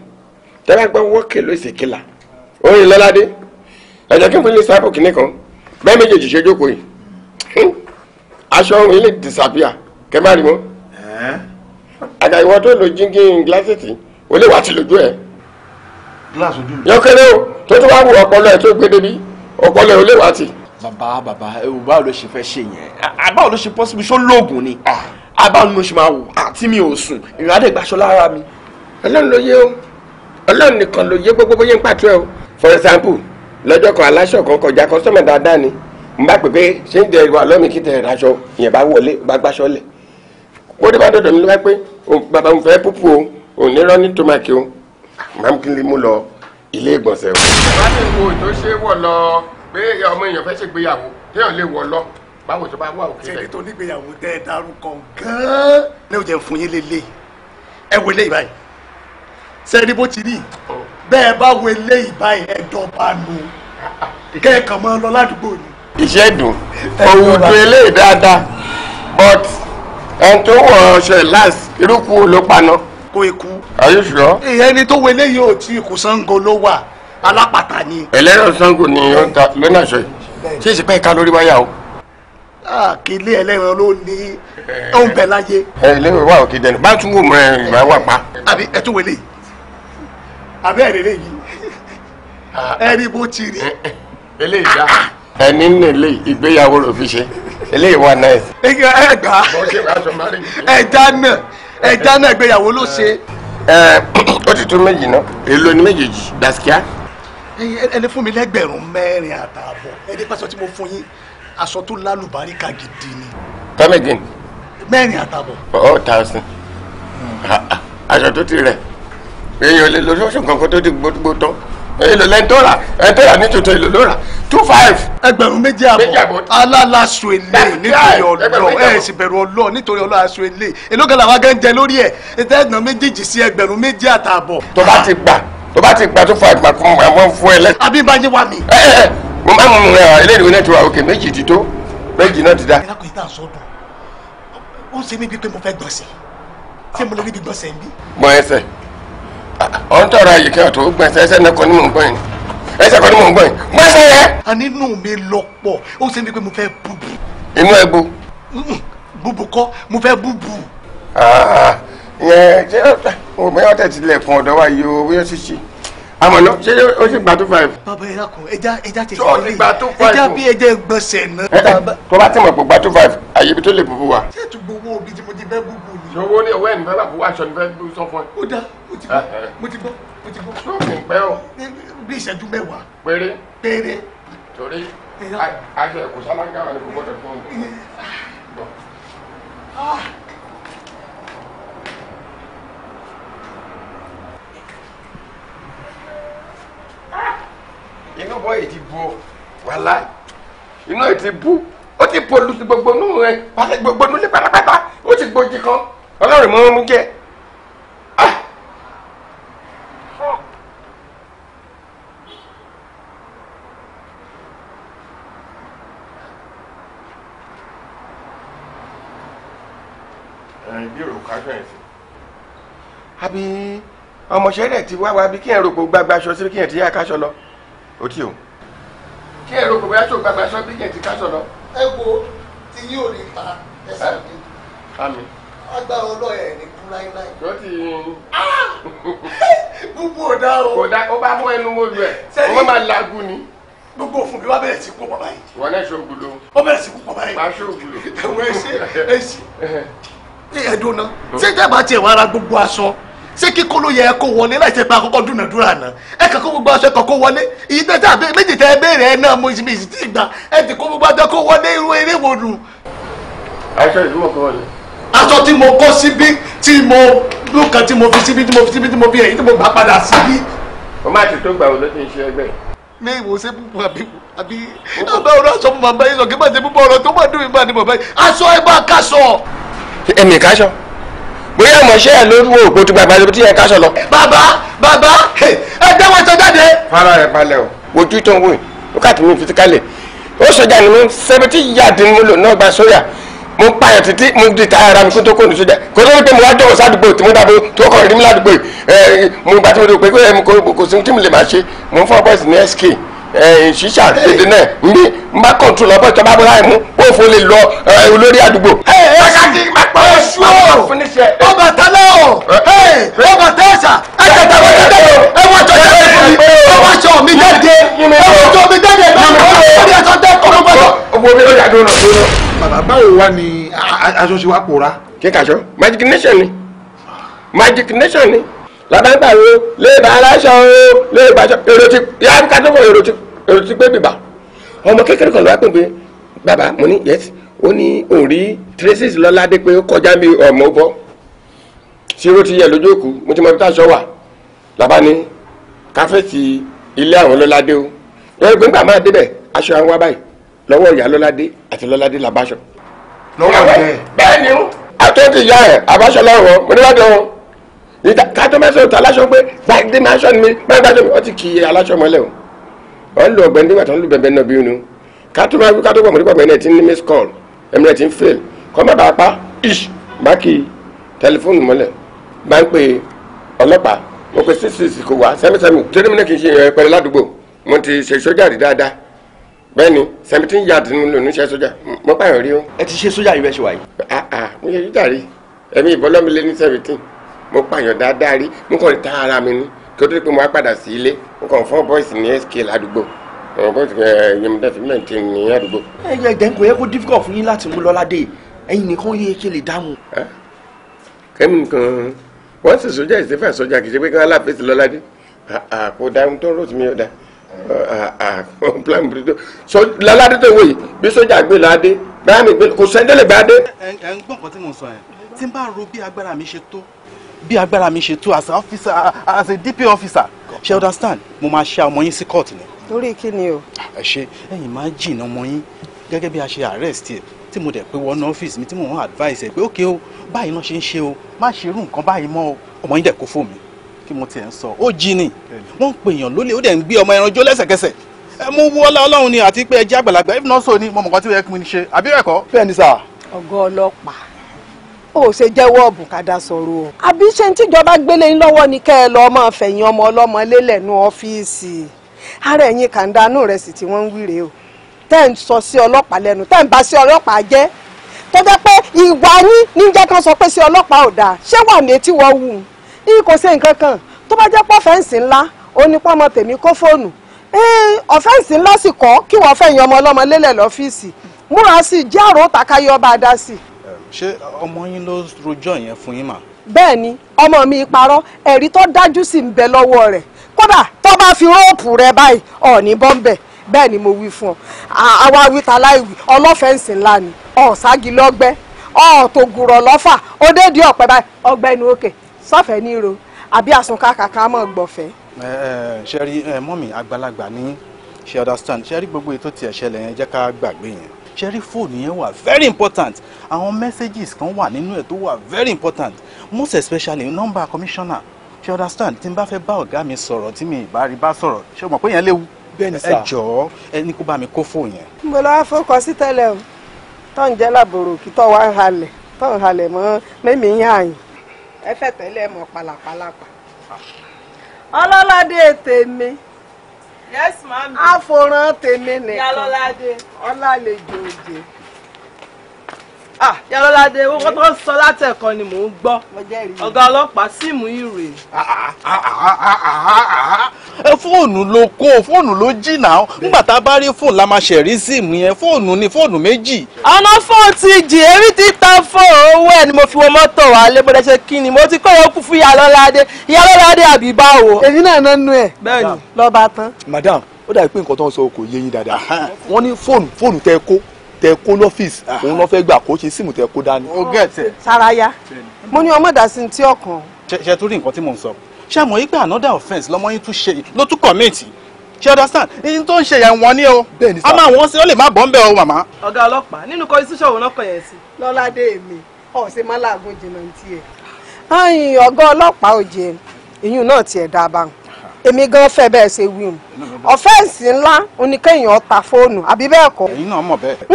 tẹ́lá gbọ́ wọ́ọ̀kì ló ṣe kílà ó yìn lọ́ládé ẹ̀jẹ̀ kí n fún ilé sábò kìnnì kan bẹ́ẹ̀ méjèèjì ṣe jókòó yìí aṣọ òun ilé disappear kẹ́ má rí mọ́ àgbà ìwọ tó lo jíngin gíláṣẹ̀tì ó lè wá ti lójú ẹ̀ yọkẹ́lẹ́ o tó tó wá wù ọpọlọ ẹ̀ tó gbé débi ọpọlọ ẹ̀ ó lè wá ti bàbá bàbá ẹwù ló ṣe fẹ́ ṣe yẹn àbáwo ló ṣe possible ṣó lóògùn ni àbáwo ló ṣe máa wò àti mi ò sùn ìrìn àdègbàṣọ lára mi. ọlọ́run ló yé o ọlọ́run nìkan ló yé gbogbo bóyá pàtó ẹ o. for example lọ́jọ́ kan aláṣọ kan kọjá kọ́sọ́mọ̀ dáadáa ni n bá pè pé ṣé ń dẹ ìwà lọ́mì kí tẹ̀rẹ̀ aṣọ yẹn bá wọlé bá gbàṣọ lẹ̀. ó dé bá dọ̀dọ̀ mi ló wá pé bàbá mi fẹ́ púpù o ò ní rán ní tòmákì o màá kí n ilé ìgbọ̀nsẹ̀ o. bá ti wo ìtòṣe wọ̀ lọ pé ọmọ èèyàn fẹ́ ṣègbéyàwó téèyàn lè wọ lọ báwo tó bá wà òkè rẹ̀. ṣèlè tó nígbéyàwó tẹ́ ẹ dárúkọ gan ní o fún yín lélẹ̀ ẹ wọlé ìbáyìí sẹ́ni bó ti rí oh. bẹ́ẹ̀ bá wọlé ìbáyìí ẹ̀dọ́ba nù kẹ́ẹ̀kan máa lọ ládùúgbò ni. iṣẹ́ dùn òun dùn eléyìí dáadáa but ẹni tó wọ ọṣẹ last irúkú ló paná. kó ikú. are you ẹni tó wọlé yìí ò tí ikú sango ló wà alápàtà ni. ẹlẹ́rọ sango ni ó ń ta lọ́nà ṣe ṣé ìsìnkú ẹ̀ka lórí wáyà o. àkílé ẹlẹ́rọ ló ní ohun bẹ̀ láyé. ẹlẹ́rọ wà òkè dẹnu bá tún wò mọ ìgbà wà pa. àbí ẹ tún wẹlé àbí ẹ rere yìí ẹ rí bó ti rí. eléyìí dá ẹni ní ilé ìgbéyàwó ló fi ṣe eléyìí wà náà. ẹ gbà ẹ dáná ẹ dáná ìgbéyàwó ló ṣe. ẹ ó ti tún méjì náà èlò ni méjèèjì dàsíkíá ẹni fún mi lẹ́gbẹ̀rún mẹ́rin àtààbọ̀ ẹni pàṣẹ tí mo fún yín aṣọ tó lálùbáríkà gidi ni. come again. mẹ́rin àtààbọ̀. ọ̀ oh, thousand aṣọ tó ti rẹ̀ èèyàn lè lọ ṣọ́ọ̀ṣì kankan tó di gbogbo tán èèyàn lè lẹ́ńtọ́ rà ẹ̀ńtọ́ rà ní tuntun èèyàn ló rà two five. ẹgbẹ̀rún méjì àbọ̀ alálàṣọ èlé nítorí ọlọ́ ẹ̀ sì bẹ̀rù ọlọ́ nítorí ọlọ́ aṣọ èlé èlógàlà wa gẹ́ńjẹ lórí ẹ̀ ẹ̀tẹ́ ẹ̀gbọ̀n méjì jì sí ẹgbẹ̀rún méjì àtààbọ̀. tó bá ti gbà tó bá ti gbà tó fa àgbà kan àwọn fún ẹ lẹ́sẹ̀. àbí bájẹ́ wà mí. ẹ ẹ mo máa ń mu ẹ eléyìí náà ti wà òkè méjì ti tó méjì náà ti dá. ìlà kò yí tá a sọdún ó ṣe mí bíi pé mo fẹ́ gbọ̀nsẹ̀ ṣé mo lè rí ibi gbọ̀nsẹ̀ ń bí. mọ ẹsẹ̀ ọ̀ ń tọrọ àyè kẹ́hìn tó gbọ̀nsẹ̀ ẹsẹ̀ náà kọ́ ni mò ń gbọ́ yẹn ẹsẹ̀ kọ́ ni mò ń gbọ́ yẹn gbọ̀nsẹ̀ yẹn. a nínú mi lọ pọ̀ ó ṣe mí pé mo fẹ́ búbu. inú ẹ bu. búbu kọ́ mo fẹ́ búbu. Ah, yẹn ṣé mo bóyá ọ̀tẹ̀ tilẹ̀ kan ọ̀dọ́ wa yìí o bóyá ṣíṣí àmọ́ náà ṣé o sì gbà tó five. bàbá ẹ̀rọ kan ẹja ẹja tètè lórí ẹja bí ẹja gbọ̀nsẹ̀ náà. tó bá ti mọ̀ pé gbà tó five àyè ibi tó lè bùbù wa. ṣé ètò gbowó omi tí mo ti fẹ́ gbogbo ni. ìṣòwò ni ọwọ́ ẹ̀ nífẹ̀ẹ́ bàbá aṣọ nífẹ̀ẹ́ ló sọ fún ẹ. ó dá mo ti gbọ́ mo ti gbọ́. ṣọ́ọ̀kì pẹ́ o. bí ìṣẹ́jú mẹ́wàá. péré. péré. torí aṣọ ẹ̀kọ́ sálángà wà ní gbogbo ọ̀dọ̀ fún mi. inú bọ́ èyí ti bu ọ wàhálà inú èyí ti bu ó ti polu ti gbogbo nù rẹ pàṣẹ gbogbo nù lé pátápátá ó ti gbòjì kan ọlọ́run mọ́ mú jẹ. Ah! àbí ọmọọṣẹ́ rẹ̀ ti wá wá bí kí ẹ̀ rògbò gbagba aṣọ sí kí ẹ̀ ti yá káṣọ lọ ó ti o. kí ẹ̀ rògbò bóyá tó gbagba aṣọ bí kí ẹ̀ ti káṣọ lọ. ẹ wo ti yí ò ní pa ẹsẹ̀ mi. àmì. agbára ọlọ́ ẹ̀ ní kú láíláí. yóò ti yín. Ah! [LAUGHS] gbogbo ò dá o. kò dá ó bá fún ẹnu wọlú ẹ O máa lagun ni. gbogbo òfin mi wá bẹ̀rẹ̀ sí kú bàbá yìí. wọn náà ṣoògùn lo. ó bẹ̀rẹ̀ sí kú bàbá yìí. máa ṣe ẹ̀ ṣe ẹ̀dùn [LAUGHS] náà. ṣé ìjàmbá tiẹ̀ wá ra gbogbo aṣọ ṣé kíkó ló yẹ kó wọlé láì ṣe pa àkọ́kọ́ dúnàdúrà náà ẹ kàn kó gbogbo aṣọ ẹ̀kọ́ kó wọlé èyí tẹ́ tẹ́ àbẹ́ méjì tẹ́ béèrè ẹ náà mo ìsinmi ìsìn tí gbà ẹ ti kó gbogbo aṣọ kó wọlé irú eré wo nù. aṣọ ìlú wọ̀ wọlé. aṣọ tí mo kó síbí tí mo lókan tí mo fi síbí tí mo fi síbí tí mo fi èyí tí mo gbà padà síbí. o máa ti tó gbà wo ló ti ń ṣe ẹgbẹ́ ní ìwòsàn púpọ̀ àbí àbí àbá ọ̀rọ̀ aṣọ mọ̀ bàbá yìí sọ kí n bá ṣe púpọ̀ ọ̀rọ̀ tó máa dùn mí bá ní bàbá yìí aṣọ ẹ bá kaṣọ. ẹ̀mí kaṣọ bóyá ìmọ̀ṣẹ́ ẹ̀ lórí wo òpó tó gba ìbálòpọ̀ tí ẹ káṣọ lọ. bàbá bàbá ẹ dáwọ́ ìtọ́ jáde. fara rẹ balẹ̀ o. ojú tó ń wò wákàtí mi fi kálẹ̀ ó sọjà ni mi seventy yard ni mo lò náà gba sóyà mo payàn títí mo di ta ara mi kó tó kó ní sójà kó tó ní pé mo wá jọ̀wọ́ sádùúgbò tí mo dàbò tó kọ̀ rí mi ládùúgbò mo gbà tí mo dò pé kó yẹ kó sí tí mo lè máa ṣe mo ń fọ́ bọ́ọ̀sì ní sk ṣíṣà tètè náà ń bí ń bá kàn tún lọ bọ́ ìjọba abúlé àìmú kó fo lè lọ olórí àdúgbò. pàtàkì pápá oṣù ọ̀ ọba tẹ́lẹ̀ ọ̀ ọba tẹ́sà ẹ̀kẹta wọ́n ti dẹ́gbẹ̀ ẹ wọ́n jọ jáde ẹ wọ́n jọ mi jáde ẹ wọ́n jọ mi jáde ẹ wọ́n jọ dẹ́kọ̀ ló bọ́jọ. owó mi ò yà dúró náà. bàbá báwo wá ni aṣọ ṣe wá pòórá. kíkà magic nation ni magic nation ni làbá wo lè bá aláṣọ o lè bá aṣọ èrò ti yá kátó fún èrò ti èrò ti pé bìbà ọmọ kékeré kan ló wá bàbá mo ní yes ó ní òun rí traces lọ́ládé pé ó kọjá bí ọmọ ó bọ́ ṣíró ti yẹ lójú òkú mo ti mọ ibi táṣọ wà làbá ní káfẹ́ẹ̀tì ilé àwọn lọ́ládé o ẹ gbẹ́ngbà máa débẹ̀ aṣọ àwọn wá báyìí lọ́wọ́ ìyá lọ́ládé àti lọ́ládé làbáṣọ. lọ́wọ́ ẹ̀ bẹ́ẹ̀ ni o àtúntì ìyá ẹ̀ àbáṣọ lọ́wọ́ mo ní lọ́dọ̀ wọn ìta kátó mẹ́sàn-án ta aláṣọ pé gbàgbé náà aṣọ ni mi máa gbàgbé mi ó ti kì í aláṣọ mọ́lẹ̀ o ọ lu ọgbẹ nígbà tó ń lu bẹbẹ náà bí inú ká tó máa ká tó pọ̀mọ́ nípọ̀mọ́ ẹni tí ń ní miss call ẹ̀mí rẹ̀ ti ń fail kọ́ má bàa pa ish bá kí tẹlifóònù mọ́lẹ̀ bá ń pe ọlọ́pàá mo pe six six kò wá seven seven torí mi náà kì í ṣe ìyẹn pẹ̀lú ládùúgbò mo ti ṣe sójà rí dáadáa bẹ́ẹ̀ ni seventeen yard ni mo lò ní ṣe sójà mo pààyàn rí o. ẹ ti ṣe sójà rí bẹ́ẹ̀ ṣe wáyé. ah ah mo ṣe sójà rí ẹ̀mí ìbọ́lọ́mi lé ní seventeen mo pààyàn dáadáa rí mo kàn ta ara mi ní kí ó tó pé mo á padà sí ilé mo kàn fún bọ́ìsì ní sk ládùúgbò àwọn bọ́ìsì eh, ẹ̀yẹ mi dẹ́sí mẹ́ǹtì ní àdúgbò. ẹyẹ ẹdẹ kò yẹ kó difficult fún yín láti mú lọ́ládé ẹ̀yin nìkan yẹ kí lè dáhùn. kẹ́mi nìkan wọ́n sì sójà ìsẹ́fà sójà kì í ṣe pé kí wọ́n láfẹ́sì lọ́ládé kò dáhùn tó rò sí mi yóò dáa [LAUGHS] plan burúkú so láládé tó wòye bí sójà gbé ládé báyà mi gbé kò sẹ́ńdẹ́lẹ̀ gbádé. ẹ ẹ ń gbọ́ nǹkan tí mo sọ yẹn tí n bá bí agbára mi ṣe tó as a officer as a DP officer ṣe understand mo máa ṣe ọmọ yín sí court ni. lórí kí ni o. ẹ ṣe ẹ̀yin máa jìnnà ọmọ yín gẹ́gẹ́ bí a ṣe arrest ẹ̀ tí mo dẹ̀ pé wọnú ọ́fíìsì mi tí mo ń advice ẹ̀ pé ókè o báyìí náà ṣe ń ṣe o má ṣe irú nǹkan báyìí mọ́ o ọmọ yín dẹ̀ kó fún mi kí mo tiẹ̀ ń sọ ó jí ni wọ́n ń pè èèyàn lólè ó dẹ̀ ń gbé ọmọ ẹran jó lẹ́sẹ̀kẹsẹ̀ ẹ mú wọ́ ọlá ọlọ́run ni àti pé ẹ jẹ́ àgbàlagbà if not so ni mo mọ̀ nǹkan tí ó yẹ kí mo ṣe àbí ẹ̀kọ́. bẹ́ẹ̀ ni ò ṣe jẹ́wọ́ bùkádà sọ̀rọ̀ o àbí ṣe ń tíjọba gbélé yín lọ́wọ́ ni kẹ́ ẹ lọ́ọ́ máa fẹ̀yìn ọmọ ọlọ́mọ lélẹ̀ nu ọ́fíìsì ara ẹ̀yìn kàńdánù rẹ̀ sì tí wọ́n ń wíre o tẹ́ ń sọ sí ọlọ́pàá lẹ́nu tẹ́ ń bá sí ọlọ́pàá jẹ́ tó jẹ́ pé ìwà yín níjẹ́ kan sọ pé sí ọlọ́pàá ò dáa ṣé wà ní etí wọ́n wù ú yín kò ṣe nǹkan kan tó bá jẹ́ pọ́ fẹ́ǹsì ńlá ó ní pọ́n ọmọ tèmi kó fóònù ọ̀fẹ́ǹsì ńlá sì kọ́ kí wọ́n fẹ̀yìn ọmọ ọlọ́mọ lélẹ̀ lọ́fíìsì múra sí jẹ́ àrò tàkáyọ́ bá a dá sí ṣé ọmọ yín ló rojọ́ yẹn fún yín mà. bẹ́ẹ̀ ni ọmọ mi parọ́ ẹ̀rí tó dájú sí ń bẹ lọ́wọ́ rẹ̀ kódà tó bá fi róòpù rẹ báyìí ọ̀ọ́ni bọ́m̀bẹ̀ bẹ́ẹ̀ ni mo wí fún ọ àwa wíta láìwí ọlọ́fẹ̀ẹ́sì ńlá ni ọ̀ọ́sági lọ́gbẹ́ ọ̀ọ́tògùrọ̀ lọ́fà òdèdí ọ̀pẹ báyìí ọgbẹ́ inú òkè sọ́fẹ̀ẹ́ ní ro àbí àsunká kàkà mọ̀ gbọ̀fẹ́. ẹ ẹ ṣe rí mọ́mì àgbàlagbà ní ṣe understand ṣe rí gbogbo ètò tiẹ̀ ṣẹlẹ̀ yẹn jẹ́ ká gbàgbé yẹn ṣẹ́rí fóònù yẹn wà very important àwọn messages kan wà nínú ẹ̀ tó wà very important most especially number commissioner ṣe understand tí n bá fẹ́ bá ọ̀gá mi sọ̀rọ̀ tí mi ìbá rí bá sọ̀rọ̀ ṣé o mọ̀ pé yẹn léwu bẹ́ẹ̀ni sá ẹ jọ̀ọ́ ẹni kó bá mi kó fóònù yẹn. mo lọ́wọ́ fọkàn sí tẹ́lẹ̀ o tó ń jẹ́ làbòrò kí tó wá ń halẹ̀ tó ń halẹ̀ mọ́ mẹ́mí yín àyìn. ẹ fẹ́ tẹ́lẹ̀ mọ́ pàlàpàlàpà ọlọ́ládé yes mami. àfòrán tèmi nìkan ọlálejò òjè ah yàrá-ládé owó tó ń sọ látẹ̀kọ́ ni mò ń gbọ́ ọ̀gá ọlọ́pàá síìmù ìrè. fóònù ló kó fóònù ló jì náà nígbà tá a bá rí fóònù la máa ṣẹ̀rí síìmù yẹn fóònù ni fóònù méjì. ọ̀nà fóònù ti jì èmi ti tan fóònù owó ẹ̀ ni mo fi wọ mọ́tò wá lé bọ́dẹ̀ ṣe kí ni mo ti kó yòókù fún yàrá-ládé yàrá-ládé àbí báwo. èyí náà nánú ẹ bẹ́ẹ̀ lọ́ba tán. madam ó dàbí pé nǹkan tó ń sọ kò yé yín dáadáa wọ́n ní fóònù fóònù tẹ́ tẹ kó lọ́fíìsì ah. òun lọ́ fẹ́ gbà kó ṣe síìmù tẹ kó dání. o gẹ̀ẹ́tẹ̀. saraya mo ní ọmọ dàsí ti ọkàn. ṣe tó rí nǹkan tí mò ń sọ ṣe mọ̀ wípé another offence lọmọ yín tún ṣe ló tún kọ̀mẹ́ẹ̀tì ṣe understand iye tó ń ṣe yẹn wọn ni o a máa wọ́n sí ó lè má bọ́ ń bẹ̀ o màmá. ọ̀gá ọlọ́pàá nínú constitution wo lọ́kàn yẹn sí. lọ́ládé èmi ọ̀sẹ̀ má làágùn jìnnà tiẹ̀. ọ̀gá ọlọ́pàá òjè ìyún náà tiẹ̀ dáa báwọn èmi gan fẹ́ bẹ́ẹ̀ ṣe wí hùn ọ̀fẹ́ǹsì ńlá oníkẹ́yìn ọ̀tà fóònù àbí bẹ́ẹ̀ kọ́. èyí náà mọ̀ bẹ́ẹ̀.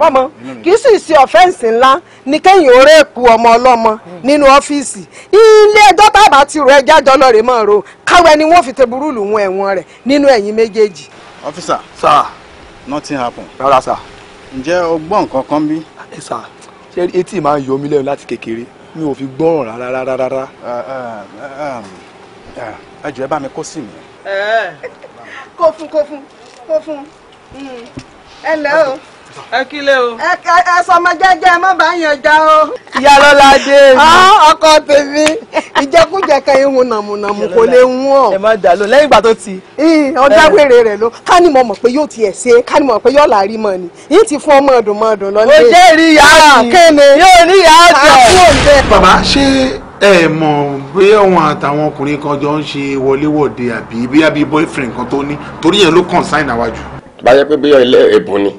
mọ̀mọ́ kì í sì ṣe ọ̀fẹ́ǹsì ńlá oníkẹ́yìn oré èkú ọmọ ọlọ́mọ nínú ọ́fíìsì ilé ẹjọ́ tábà ti rọ ẹjá jọ lọ́ọ̀rẹ́ mọ́ ro káwé ni wọ́n fi te burúlù wọn ẹ̀wọ̀n rẹ̀ nínú ẹ̀yìn méjèèjì. ọ́fíìsà sà nothing happen. rárá sà. ǹjẹ́ o gbọ́ nǹkan kan bí? sà ṣé etí máa ń yọ mí lẹ́nu láti kékeré mi ò fi gbọ́ràn rárá rárá ẹ jọ̀ọ́ ẹ bá mi kó sí mi. kó fún kó fún kó fún hmm. ẹ lẹ́ o ẹ kílẹ̀ o. ẹ sọ ọmọ má bàa yan ja o. ìyá lọ́la dé [LAUGHS] ah, ọkọ tèmi ìjẹkújẹ kan ìhun nàmùnàmù kò lè hun ọ. ẹ má dà ló lẹ́yìn ìgbà tó ti. ọ̀dàwèrè rẹ̀ ló ká ní mo mọ̀ pé yóò tiẹ̀ ṣe ká ní mo mọ̀ pé yóò là rí mọ̀ ni yìí ti fún ọmọ ọdún mọ́ ọdún lọ́lẹ́. o ṣe ìrìyà ọ̀dì ah, yóò ní ìyá ah, ọ̀dì ẹ mọ̀ bóyá òun àtàwọn ọkùnrin kan jọ ń ṣe wọléwọ̀de àbí bóyá bíi boyfriend kan tó ní torí yẹn ló consign àwájú. báyọ̀ pé bóyá ilé ẹ̀bùn ni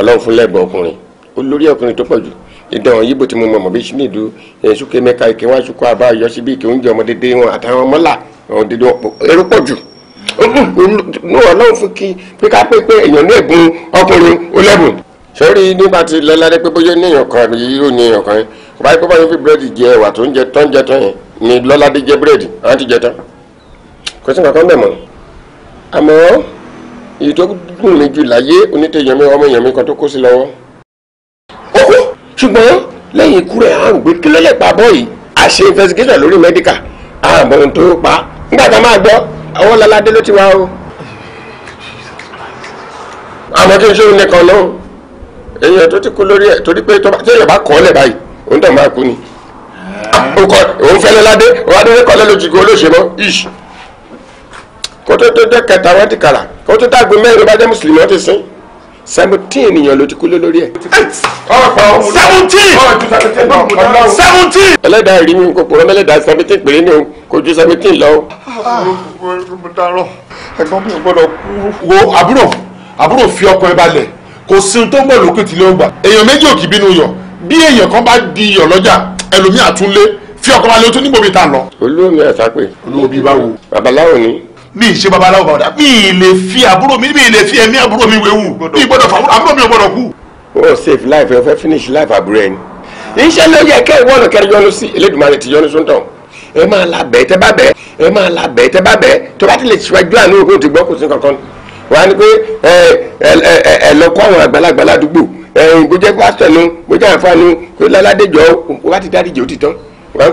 ọlọ́run fún lẹ́bùn ọkùnrin olórí ọkùnrin tó pọ̀ jù ìdán yìí bó ti mọ mọ̀mọ́ bí sínú ìlú ṣúkẹ́ mẹ́ka ìkẹ́ wá ṣúkọ́ àbá yọ sí bí ìkẹ́ oúnjẹ ọmọ dédé wọn àtàwọn ọmọlà ọmọ dédé wọn ẹrú pọ̀ jù ọlọ́run fún kí pé ká pé pé èèyàn ní ẹ̀bùn ọkùnrin ó lẹ́bùn. sọ́rí nígbà tí lọ́ládé pé bóyá ní èèyàn kan àbí yóò ní èèyàn kan kò báyìí kó báyìí fi búrẹ́dì jẹ ẹ̀wà tó ń jẹ tán jẹ tán yẹn ni lọ́ládé jẹ búrẹ́dì àwọn ti jẹ tán kò sí nǹkan kan bẹ̀ mọ́ àmọ́ èyí tó dùn mí jù láyé onítẹ̀yẹmí ọmọ èèyàn mi kan tó kó sí lọ́wọ́ ó kú ṣùgbọ́n lẹ́yìn ikú rẹ̀ à ń gbé kílẹ̀lẹ̀ pa bọ́ yìí a ṣe investigation lórí medical àmọ́ ohun tó pa nígbà tá a máa gbọ́ àwọn lọ́ládé ló ti wá o àmọ́ kí n ṣe òun nìkan lọ́hùn èèyàn tó ti kú lórí ẹ̀ torí pé tó bá kọ́ ọ́ lẹ̀ báyìí òun dẹ̀ máa kú ni òun fẹ́lẹ́ ládé òun adéwé kọ́lẹ́ lójúgbó olóṣèlú ish kó tó tó kẹta wọn ti kàrà kó tó dàgbé mẹ́rin bá jẹ́ mùsùlùmí wọn ti sin seventeen ènìyàn ló ti kú lé lórí ẹ̀. seventeen seventeen. ẹlẹ́dàá rí mi kò pòrọ́ mẹ́lẹ́dàá seventeen péré ni òun kò ju seventeen lọ. mo mi ò gbọ́dọ̀ kú. wo àbúrò àbúrò fi ọkọ ẹ balẹ̀ kò sí ohun tó ń bọ̀ lókè tí ló ń gbà. èèyàn méjì ò kì í bínú yọ bí èèyàn kan bá di iyọ̀ lọ́jà ẹlòmíì àtúnlé fi ọkàn balẹ̀ o tún níbo mi ta lọ. olóòmì ẹ̀sà pé. olóòbí báwo. babaláwo ni. mi ì ṣe babaláwo bàdà mi ì lè fi àbúrò mi mi ì lè fi ẹ̀mí àbúrò mi wéwu mi ì gbọ́dọ̀ fàwọn àbúrò mi ò gbọ́dọ̀ kú. o save life ẹ fẹ́ finish life àbúrò ẹni. iṣẹ́ ló yẹ kẹ́ ìwọ́n kẹ́rẹ́ yọnu sí Elédùmarè ti yọnu sóńtàn ẹ máa la bẹ́ẹ̀ tẹ́ bá bẹ́ẹ̀ ẹ máa la bẹ́ẹ̀ tẹ́ bá bẹ́ẹ̀ tó bá ti lè ṣíwájú àánú òkú ti gbọ́ kò sí kankan wọ́n á ní pé ẹ ẹ ẹ lọ kó àwọn àgbàlagbà ládùúgbò ẹ̀yìn bó jẹ́ pásítọ̀ nu bó àǹfààní kó lọ́ládé wá ti dáríjì ó ti wà ń ẹ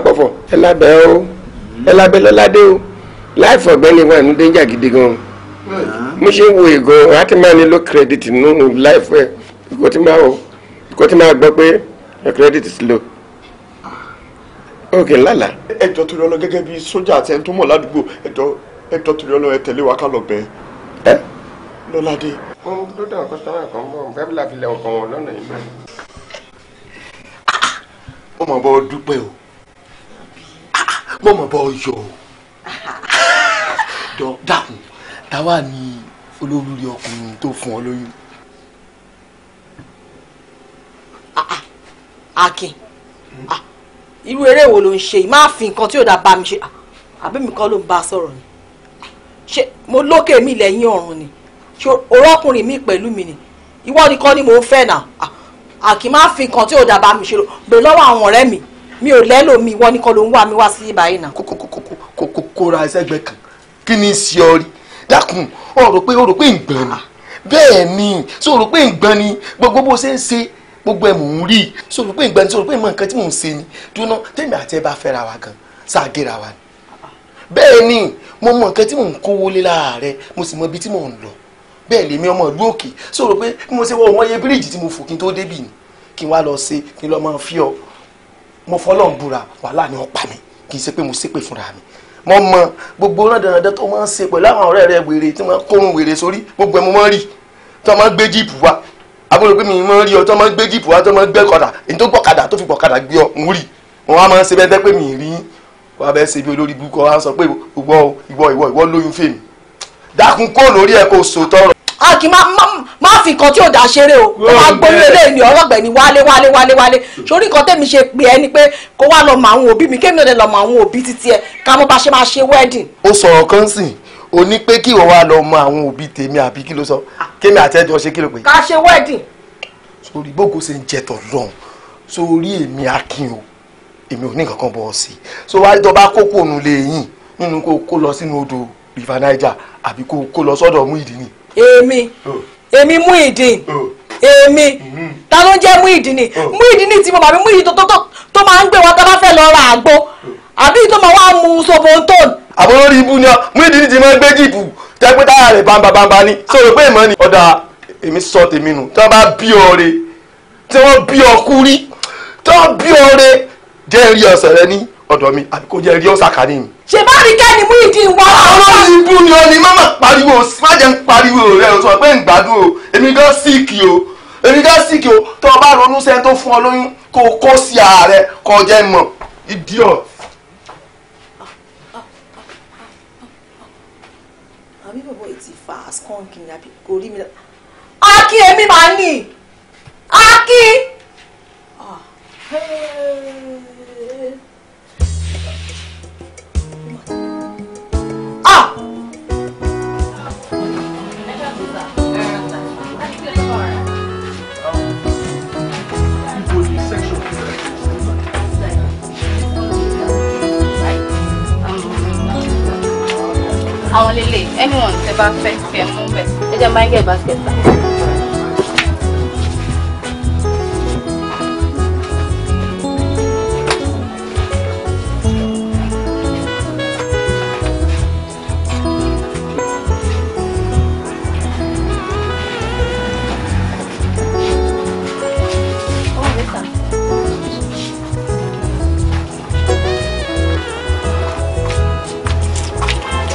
ẹ wà ní gidi gan mo ṣe ń wo ìgò láti máa ní ló credit nínú láìfọ̀ ẹ̀ tí máa kó tí máa gbọ́ pé ok ẹjọ torí ọlọ bíi sójà àti ẹni tó ládùúgbò ẹjọ ẹjọ torí ọlọ ẹ wa ká lọ ẹ lọládé. mo ń dúró dáhùn kọ́sítọ́mà kan bọ̀ bẹ́ẹ̀ bí làfilẹ̀ ọkàn wọn lọ́nà mọ̀ bọ́ dúpẹ́ o mo mọ̀ bọ́ yọ o dákun táwa ni olórí ọkùnrin tó fún ọ lóyún. Akin irú eré wo ló ń ṣe má fi nǹkan tí ò dá bá mi ṣe àbí mi kọ́ ló ń bá a sọ̀rọ̀ ni ṣe mo lókè mi lẹ́yìn ọ̀run ni orókùnrin mi pẹ̀lú mi ni ìwọ nìkan ni mò ń fẹ́ nà àkì má fi nǹkan tí ò dá mi ṣe lò bè lọ́wọ́ àwọn ọ̀rẹ́ mi mi ò lẹ́lò mi ìwọ nìkan ló ń wá mi wá sí ibà yìí nà. kókó kóra ẹsẹ̀gbẹ́ kan kí ni sí ọ rí dákun o rò pé o rò pé ìgbọ̀n ni bẹ́ẹ̀ ni so o rò pé ìgbọ̀n ni gbogbo bó ṣe ń ṣe gbogbo ẹ̀ mò ń rí i so o rò pé ìgbọ̀n ni so o rò pé ìmọ̀ nǹkan tí mò ń ṣe ni dúná tèmi àti ẹ bá fẹ́ra wa gan ṣàgéra wa ni bẹ́ẹ̀ ni mo mọ nǹkan tí mò ń kówó lé lára mo sì mọ ibi tí mò ń lọ bẹ́ẹ̀ lèmi ọmọ ìlú òkè so rò pé bí mo ṣe wọ wọn yẹ bíríìjì tí mo fò kí n tó débì ni kí n wá lọ ṣe kí n lọ máa fi ọ mo fọlọ́n búra wàhálà ni wọ́n pa mi kì í ṣe pé mo ṣépè fúnra mi mo mọ gbogbo náà dandan tó máa ń ṣe pẹ̀lú àwọn ọ̀rẹ́ rẹ wèrè tí wọ́n kórun wèrè sórí gbogbo ẹ̀ mo máa ń rí tó máa ń gbé jíìpù wá abúlé pé mi máa ń rí ọ tó máa ń gbé jíìpù wá tó máa ń gbé kọ̀dà èyí tó gbọ̀kadà tó fi gbọ̀kadà gbé ọ ń rí wọn á máa ń ṣe bẹ́ẹ̀ pé mi rí wọn á bẹ́ẹ̀ ṣe bí olórí búkọ wá sọ pé ìwọ ìwọ ìwọ lóyún fèmí dákun kó lórí ẹ kó so tọrọ. a kì í má fi nǹkan tí ò dá ṣeré o tó máa gbóyún eléyìí ni ọlọ́gbẹ̀ni wálé wálé wálé wálé sórí nǹkan tẹ̀mí ṣe pè ẹ́ ni pé kó wá lọ mọ àwọn òbí mi kémi ọ̀dẹ̀ lọ mọ àwọn òbí títí ẹ ká mọ́ bá ṣe máa ṣe wedding. ó sọ̀rọ̀ kan sìn o ní pé kí ìwọ wá lọ mọ àwọn òbí tèmi àbí kí ló sọ kémi àtẹ́jọ́ ṣe kí ló pé. ká ṣe wedding. sórí bó o èmi ò ní nǹkan kan bọ̀ ọ́ sí so nínú kó kó lọ sínú odò ìfà naija àbí kó kó lọ sọ́dọ̀ Muyideen. èmi oh. èmi Muyideen oh. èmi mm-hmm. ta ló ń jẹ́ Muyideen oh. Muyideen tí mo bàbí Muyideen tó máa ń gbé wa tá a bá fẹ́ lọ ra àgbo àbí tó máa wá mu sobonton. àbọ̀lórí ibu ni Muyideen ti máa ń gbé jìbù tẹ́pẹ́ táyà rẹ̀ bámbabámba ni sọ̀rọ̀ pé ìmọ̀ ni ọ̀dà èmi sọ tèmi nù tí wọ́n bá bí ọ̀rẹ́ tí wọ́n bí ọkú rí tí wọ́n bí ọ̀rẹ́ jẹ́ ìrí ọ̀sẹ̀ rẹ ní ọ̀dọ̀ mi àbí kó jẹ́ rí ọ̀sà kan ní mi. ṣe bá rí kẹ́ni mú ìdí ìwọ. àwọn ibú ni ó ní má pariwo má ń pariwo rẹ o sọ pé ń gbádùn o èmi gan síìkì o èmi gan síìkì o tó o bá ronú sẹ́ni tó fún ọ lóyún kó o kó sí ààrẹ kó o jẹ́ mọ̀ idiot. àbí bàbá yìí ti fa skunk ni àbí kò rí mi lọ. aki èmi máa ń nì aki. Ah. àwọn lélẹ̀ anyone tẹ bá fẹ́ kẹ́ mú bẹ́ẹ̀ ẹ jẹ́ máa ń gẹ̀ basket.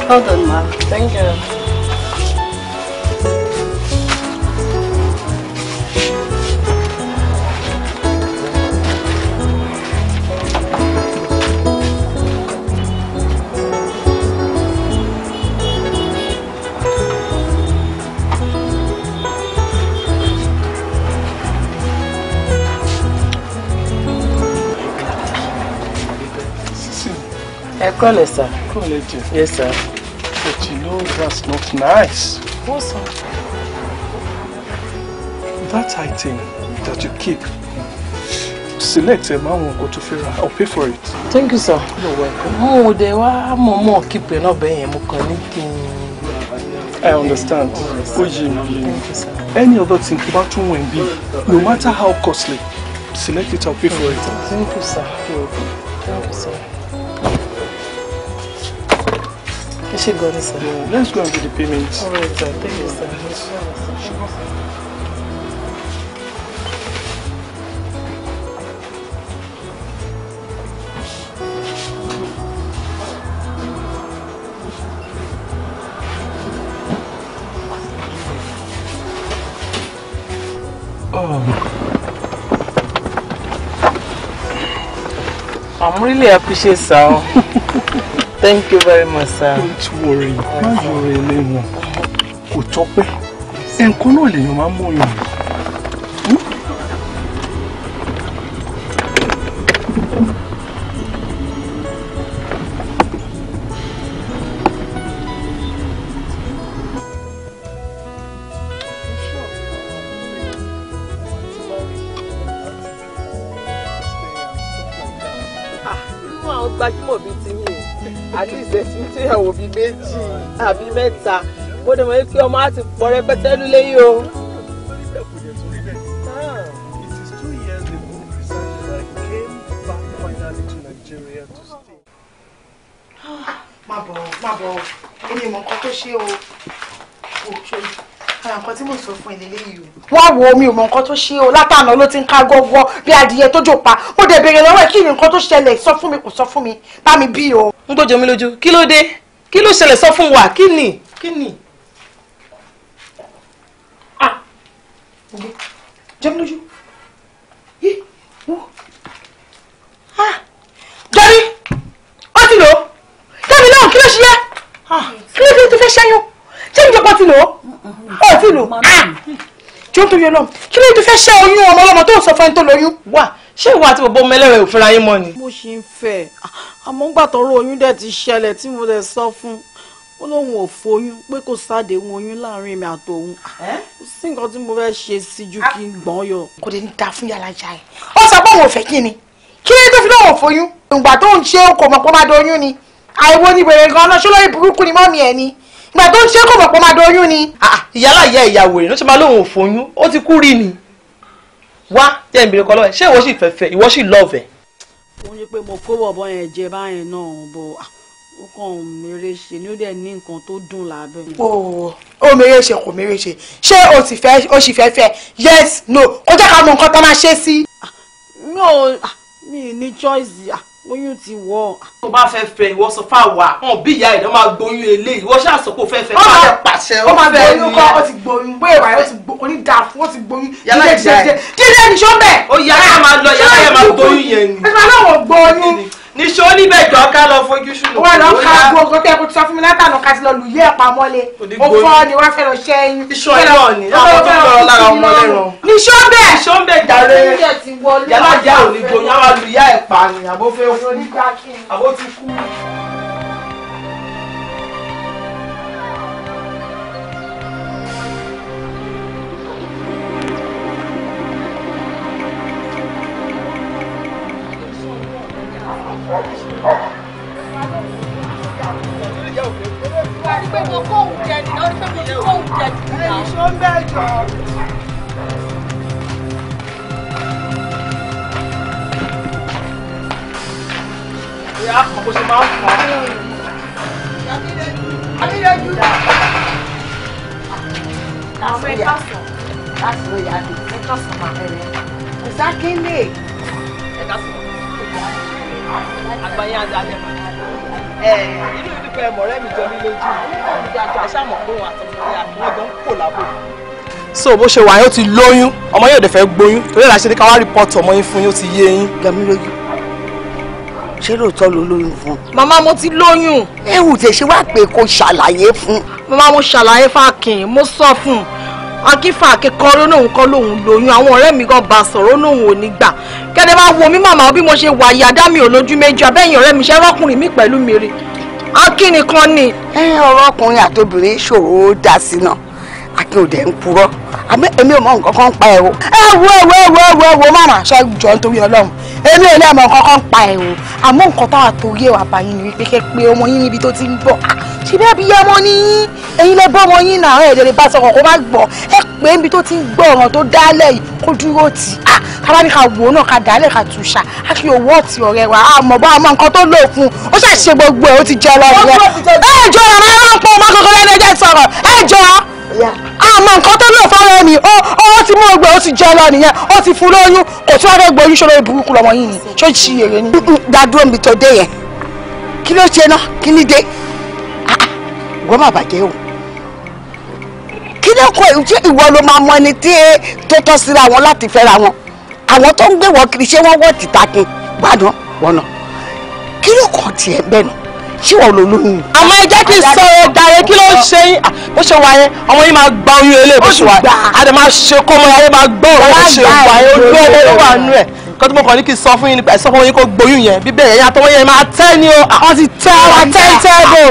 Well done, Ma. Thank you. Ẹ kọ́lẹ̀ sà. Kọ́lẹ̀ jẹ. Yes sir. That's not nice. What's up? That item that you keep, select a man will go to Fira. I'll pay for it. Thank you, sir. You're welcome. Oh, de wa mo mo keep e no be yen mo kàn I understand. Oh, Thank you, sir. Any other thing about Tunwenbi, no matter how costly, select it, I'll pay for it. Thank you, sir. You're welcome. Thank you, sir ẹ ṣe gan sir. Yeah, let's go and do the payment. all right sir thank you sir. Um, I'm really appreciate sir. [LAUGHS] Thank you very much, sir. Don't worry, má worry ilé wọn. Kò tọ́pẹ́. Ẹ̀ǹkan náà lèèyàn máa mẹ́ta mo dẹ̀ mọ̀ pé ọmọ á ti pọ̀ rẹpẹtẹ nílé yìí o. má bọ̀ má bọ̀ èmi mọ̀ nǹkan tó ṣe o àwọn nǹkan tí mo sọ fún ilé yìí o. wọ́n wo omi ò mọ nǹkan tó ṣe o látàná ló ti ń ká gọ́gọ́ bí adìyẹ tó jò pa mo dẹ̀ béèrè lọ́wọ́ ẹ̀ kí ni nǹkan tó ṣẹlẹ̀ sọ fún mi kò sọ fún mi bá mi bí o. ń tó jẹ mí lójú kí ló dé kí ló ṣẹlẹ̀ sọ fún wa kí ni kí ni. Ah! jẹ́mi lójú ah! jẹ́mi ó ti lò ó jẹ́mi náà kí ló ṣe yẹ ah! kí ló tó fẹ́ ṣẹ́yún jẹ́mi jọba ti lò ó ó ti lò ó jọ́n tó yọ lọ́n kí ló tó fẹ́ ṣẹ́ oyún ọmọ ọlọ́mọ tó sọ fún ẹni tó lóyún wà ṣé ìwọ àti bòbó mẹlẹ́rẹ̀ ò fẹ́ra yín mọ́ ni. mo ṣì ń fẹ́ àmọ́ ńgbà tọrọ oyún dẹ̀ ti ṣẹlẹ̀ tí mo dẹ̀ sọ fún ó lóun ò foyún pé kò sádéhùn oyún láàrin mi àtòun kò sí nǹkan tí mo fẹ́ ṣe sí ju kí n gbọ́n yọ. kò dé ní ta fún yàrá ìjà ẹ̀ ó sọ pé òun ò fẹ́ kí ni kí ni tó fi lóun ò foyún ìgbà tó ń ṣe kò mọ̀ pé máa doyún ni àìwo ni wèrè gan-an ṣó lórí burúkú ni mọ́mí ẹ̀ ni ìgbà tó ń ṣe kò mọ̀ pé máa doyún ni. Ah, ah, ìyálà ìyá ìyàwó rẹ̀ ló ṣe máa lóun ò foyún ó ti kú rí ni wá jẹ́ ìbèrè kọ́ lọ́wọ́ ẹ̀ ṣé ìwọ sì fẹ́fẹ́ ìwọ sì lọ́ọ̀fẹ́. ó ní pé mo kó bọ̀bọ̀ yẹn jẹ báyìí náà bọ̀ ó kàn mèrè ṣe ni ó dẹ̀ ní nǹkan tó dùn lábẹ́ mi. mèrè ṣe kò mèrè ṣe ṣé o sì fẹ́ o sì fẹ́ yes no kó jẹ́ ká mọ nǹkan tó máa ṣe sí. mi ò ní choice oyún ti wọ. tó bá fẹ́ fẹ́ ìwọ sọ fáwa hàn bí ìyá ẹ̀ ló máa gbóyún eléyìí wọ́n ṣáà sọ pé ó fẹ́ fẹ́ ká lè pàṣẹ ó máa bẹ̀rẹ̀ ní ẹ. ó ti gbóyún bóyá ìwà yóò ti gbó onídàáfún ó ti gbóyún dídé dídé dídé ní sọ́bẹ̀. ó yá ká máa lọ yàrá yẹn máa gbóyún yẹn ni. ẹ níṣó níbẹ̀ jọ ká lọ fojú ṣùnú. wọ́n lọ ka gbogbo tẹ́ kó ti sọ fún mi látànà ká ti lọ lù yé ẹ̀pà mọ́lé ó ni wọ́n fẹ́ lọ ṣẹ́ yín. iṣọ́ ẹ̀rọ ni àwọn tó lọ lára ọmọ lẹ́rọ. níṣó bẹ́ẹ̀. níṣó bẹ́ẹ̀ jàre yàrá ìyá òní gbòòyàn wa lù yá ẹ̀pà ni àbó fẹ́ fún àbó ti kú. Ẹni pé mo kó òun jẹ nìyẹn, ẹni pé mo kó òun jẹ nìyẹn. Ẹyin ṣó ń bẹ́ẹ̀ jọ. Ìyá àgbáyé àdàlẹ̀ inú mi dúpẹ́ mọ̀rẹ́ mi jọ mí lójú ẹ ṣàmọ̀ pé wọn àtọmọdé àtúwọ́n jọ ń kò lábò. so bó ṣe wà yóò ti lóyún ọmọ yóò dẹ̀ fẹ́ gbóyún torí ẹ̀ la ṣe ní ká wá rìpọ́tù ọmọ yín fún yóò ti yé yín. jọmí lójú ṣé lóòótọ́ ló lóyún fún. màmá mo ti lóyún. ewu tẹ̀ wá pé kó ṣàlàyé fún. màmá mo ṣàlàyé fákin mo sọ fún un akínfà akẹ́kọ̀ọ́ ló lóun kọ́ lóun lóyún àwọn ọ̀rẹ́ mi gan bá sọ̀rọ̀ lóun ò ní gbà kẹ́lẹ́ bá wo mi màmá bí mo ṣe wà yìí àdá mi ò lójú méjì abẹ́yìn ọ̀rẹ́ mi ṣe rọ́kùnrin mi pẹ̀lú mi rè akínni kan ni. ẹ ọ̀rọ̀ ọkùnrin àtobìnrin ṣòro ó dá sí náà akin ò dẹ̀ ń purọ́ àmọ́ èmi ò mọ nǹkan kan pa ẹ̀ o. ẹ wo ẹ wo ẹ wo ẹ wo ẹ wo màmá ṣe jọ nítorí ọlọ́run èmi ò lẹ́ẹ̀mọ nǹkan kan pa ẹ̀ o àmọ́ nǹkan táwa torí ẹ̀ wà báyìí ni wípé kẹ́ pé ọmọ yín níbi tó ti ń bọ̀ ṣe bẹ́ẹ̀ bí yẹmọ ní ẹ̀yin lẹ bọ́mọ yín náà ẹ̀ lè bá sọ̀rọ̀ kó má gbọ́ ẹ pé níbi tó ti ń gbọ́ ọ̀ràn tó dálẹ̀ yìí kó dúró tì á kábà ní ká wò ó náà ká dálẹ̀ ká tù ṣá á fi òwò ọ̀tì ọ̀rẹ́ wa á mọ̀ bá ọmọ nǹkan tó lò fún un ó ṣàṣe gbogbo ẹ̀ ó ti jẹ́ lọ́rùn rẹ̀ ẹ jọ ọ̀rọ̀ máa ń pọ̀ ọmọ kankan lẹ́nu ẹjẹ́ sọ̀rọ̀ ẹ jọ àmọ́ nǹkan tó lò fọ́rọ̀ ni ó ti mú ọgbẹ́ ó ti jẹ́ lọ nìyẹn ó ti fún lóyún kò tí wọ́n fẹ́ gbọ́ oyún ṣòro ìburúkú lọ́mọ yìí ni ṣó ti èrè ni. dádúró mi tó dé yẹn kí ló ṣe ná kí ni dé wọ́n má bàjẹ́ o kí ló kọ ṣé ìwọ ló máa mọ ẹni tí tó tọ́ síra wọn láti fẹ́ra wọn àwọn tó ń gbé wọn kiri ṣé wọ́n wọ́ tìtakùn gbádùn wọn nà kí ló kọ tiẹ̀ bẹ́ẹ̀ nù ṣé wọn lò lóyún. àmọ́ ẹ jẹ́ kí n sọ ẹ dáre kí ló ṣe yín ah, bó ṣe wà ọmọ yín máa gba oyún eléyìí bó ṣe wà yẹn ṣe kó mọ́ra yẹn máa gbọ́ òun ṣe wà ojú ọmọ ló wà nù ẹ̀ kọ́ tí mo kàn ní kí n sọ fún yín nípa ẹ̀sọ́ fún yín kó gboyún yẹn bí bẹ́ẹ̀ yẹn àtọwọ́ yẹn máa tẹ́ ni o àwọn ti tẹ́ wa tẹ́ tẹ́ bò.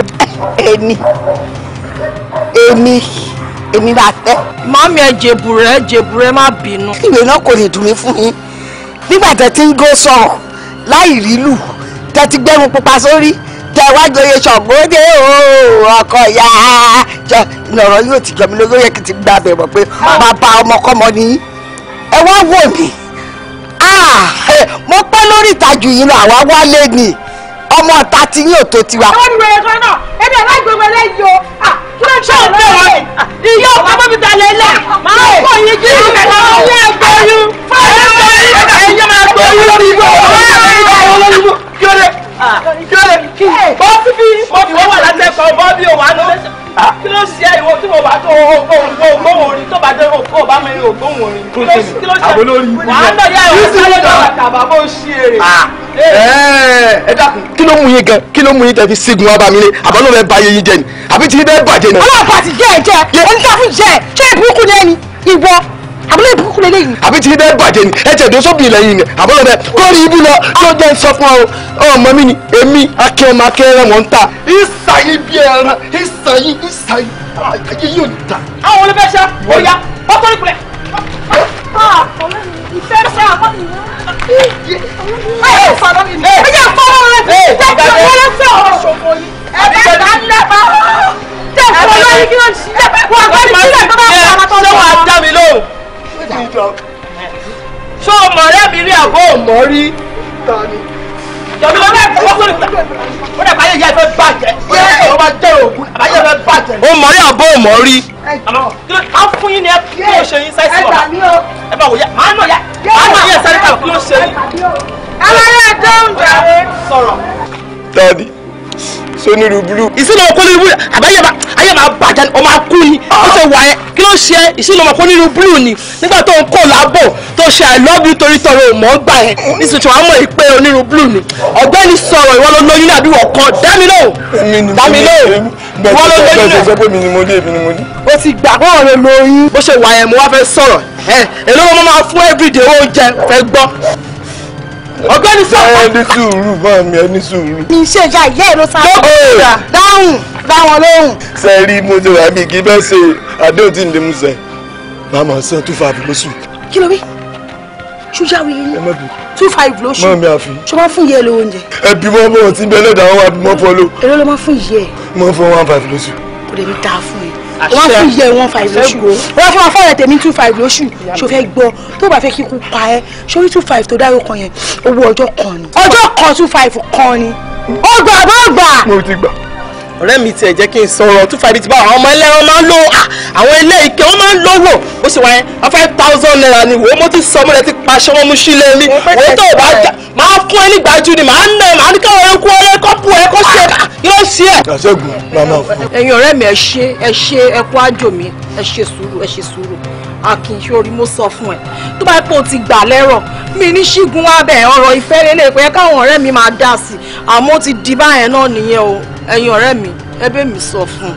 èmi èmi èmi máa tẹ́. mọ́mí ẹ jèbùrẹ́ jèbùrẹ́ má bínú. ìwé náà kò lè dùn mí fún yín nígbà tẹ́ ti ń gó sọ̀rọ̀ láì rílù tẹ́ ti gbẹ́mu pupa sórí tẹ́ wá joyè ṣọ̀gbọ́dé o ọkọ ya lọ̀rọ̀ yóò ti jọ mi lórí yẹ kí n ti gbàgbé mọ̀ pé bàbá ọmọkọ́mọ ni ẹ wá wò mí. Ah, eh, mo pẹ́ lórí ìtajú yìí lọ àwa wálé ni ọmọ ọ̀tá ti yín ò tó tiwa. ọmọ ìwé ẹ̀ka náà ẹ̀dẹ̀ aláìgbègbè lẹ́yìn o ah, kí ló ń ṣe òun lẹ́yìn. iye ọ̀pá bóbi ta lè lẹ̀ ah, máa ń pọ̀ yín jí ìgbà náà ilé ẹgbẹ̀rún fáwọn ẹ̀yìn máa gbé yín lórí ibò olóyìnbó kí ó lè kí ó lè kí ó fi wọ́n wà látẹ̀kọ̀ọ́ bọ́ bí òwà ló. Ah, kí ló ṣe ìwọ tí mo bá tó ògbóhùn tó bá dé òkú mi ògbóhùn orin kí ló ṣe wàá náà yá ìwọ sáré náà tàbá bó ṣe èrè. Ah, ẹ dákun kí ló mú yín gan kí ló mú yín tẹ sígun wa mi lé àbá ló fẹ́ ba yín jẹ ni àbí tí yín fẹ́ bàjẹ́ ni. ti jẹ́ ẹ jẹ́ oníṣàfihàn jẹ́ ṣé ìbùkún ni ẹni ìwọ àbúlé ìbùkún lè léyìn. àbí tí bẹ́ẹ̀ bàjẹ́ ni ẹ tẹ̀ dóso bìí lẹ́yìn ni àbúrò bẹ́ẹ̀ kọ́ọ̀rì ibú lọ tó jẹ́ sọ fún ọ ọmọ mi ni èmi akẹ́ọmọ akẹ́rẹ́ wọn ń ta. ìsàyìn bí ẹran ìsàyìn ìsàyìn ayé yóò dà. àwọn olùfẹ́ ṣe ó yá ọkọ ìpìlẹ̀. ìfẹ́ ṣe àkọ́ mi. ẹ ẹ fọwọ́ mi. ẹ ẹ fọwọ́ mi. ẹ ẹ fọwọ́ mi. ẹ ẹ fọwọ́ mi. ẹ ẹ fọwọ́ mi ìjọ. ṣé o mọ̀ ọ̀rẹ́ mi rí àbọ̀ ò mọ̀ rí. jọ̀bí lọ́wọ́ ẹ̀ fọwọ́ sórí ìta ó dẹ̀ báyé ìyá ẹ fẹ́ bàjẹ́ ó dẹ̀ ọba jẹ́ òògùn àbáyé ẹ fẹ́ bàjẹ́. ó mọ̀ rí àbọ̀ ò mọ̀ rí. a fún yín ni ẹ kí ló ṣe yín sáìsì ọ̀la ẹ bá wò yá màá nà yá màá nà yẹ sáré kàwé kí ló ṣe yín. aláyé ẹjọ́ ń jàre. sọ̀rọ̀. dáàdi sonirubulu. ìsinmi ọkọ lórí wúlò àbáyé ayé máa bàjẹ́ ọmọ akú ni ó ṣe w ṣe ìṣìlọ ọmọ kan nínú blue ni nígbà tó ń kọ lábọ̀ tó ṣe àìlọ́bù torí tọrọ òmò ń gbà yẹn nísìsiyìí tí wọ́n mọ̀ ìpè onírú blue ni ọ̀gbẹ́ni sọ̀rọ̀ ìwọ ló lóyún àbí wọ́n kọ́ dámilò dámilò ìwọ ló lóyún náà. bẹ́ẹ̀ mi ni mo dé èmi ni mo dé. o ti gbà kó ọ̀rẹ́ lóyún. bó ṣe wà yẹn mo wá fẹ́ sọ̀rọ̀ ẹ̀ èló mo máa fún everyday oúnjẹ fẹ́ gbọ́ ọ̀gbẹ́ni sọ̀rọ̀. ẹni sùúrù bá mi ẹni sùúrù. iṣẹ́ ìjà ìyá ẹ̀ ló sáré. dáhùn dáwọn lóhùn. sẹ́ẹ̀rí mo ti wà mí kí bẹ́ẹ̀ ṣe àdéhùn tí ǹdẹ́ mú sẹ́ máa máa san two five lóṣù. kí ló wí ṣújà wí two five lóṣù mọ mi àfi ṣọ máa fún iye lówó oúnjẹ. ẹ bí wọn bọ tí bẹlẹ dà wọn wá bí wọn pọ ló. èrè ló máa fún iye. mo fún one five lóṣù. kò lè mi ta fún yìí wọ́n fún iye one five lóṣù wọ́n fún afọ́ rẹ̀ tèmi two five lóṣù ṣò fẹ́ gbọ́ tó bá fẹ́ kí kú pa ẹ́ sórí two five tó dárò kan yẹn owó ọjọ́ kan ni ọjọ́ kan two five kan ni ó gbà bó gbà. mo ti gbà ọ̀rẹ́ mi tiẹ̀ jẹ́ kí n sọ̀rọ̀ two five eight báwọn ọmọ ẹlẹ́rọ máa ń lo ah, àwọn ilé ike wọ́n máa ń lówó ó sì wáyé a five thousand naira ni wò ó mo ti sọ mo lẹ ti paṣẹ wọn mú sílé mi òun tó bá jà máa fún ẹ nígbàjú ni màá nà màá ní káwọn ẹkú ọrẹ kọ́pù ẹ kó ṣe yóò ah, ah. ṣe ẹ. ṣẹ́gun lọ́nà fún. ẹ̀yin ọ̀rẹ́ mi ẹ ṣe ẹ ṣe ẹ kú àjò mi ẹ ṣe sùúrù ẹ ṣe sùúrù akin sórí mo sọ fún ẹ tó bá yẹ ti gbà lẹ́rọ̀ mi ní ṣígun abẹ ọ̀rọ̀ ìfẹ́ lélẹ̀ pé káwọn ọ̀rẹ́ mi máa dá sí i àmọ́ ó ti di báyẹn náà nìyẹn o ẹ̀yin ọ̀rẹ́ mi ẹbẹ́ mi sọ fún un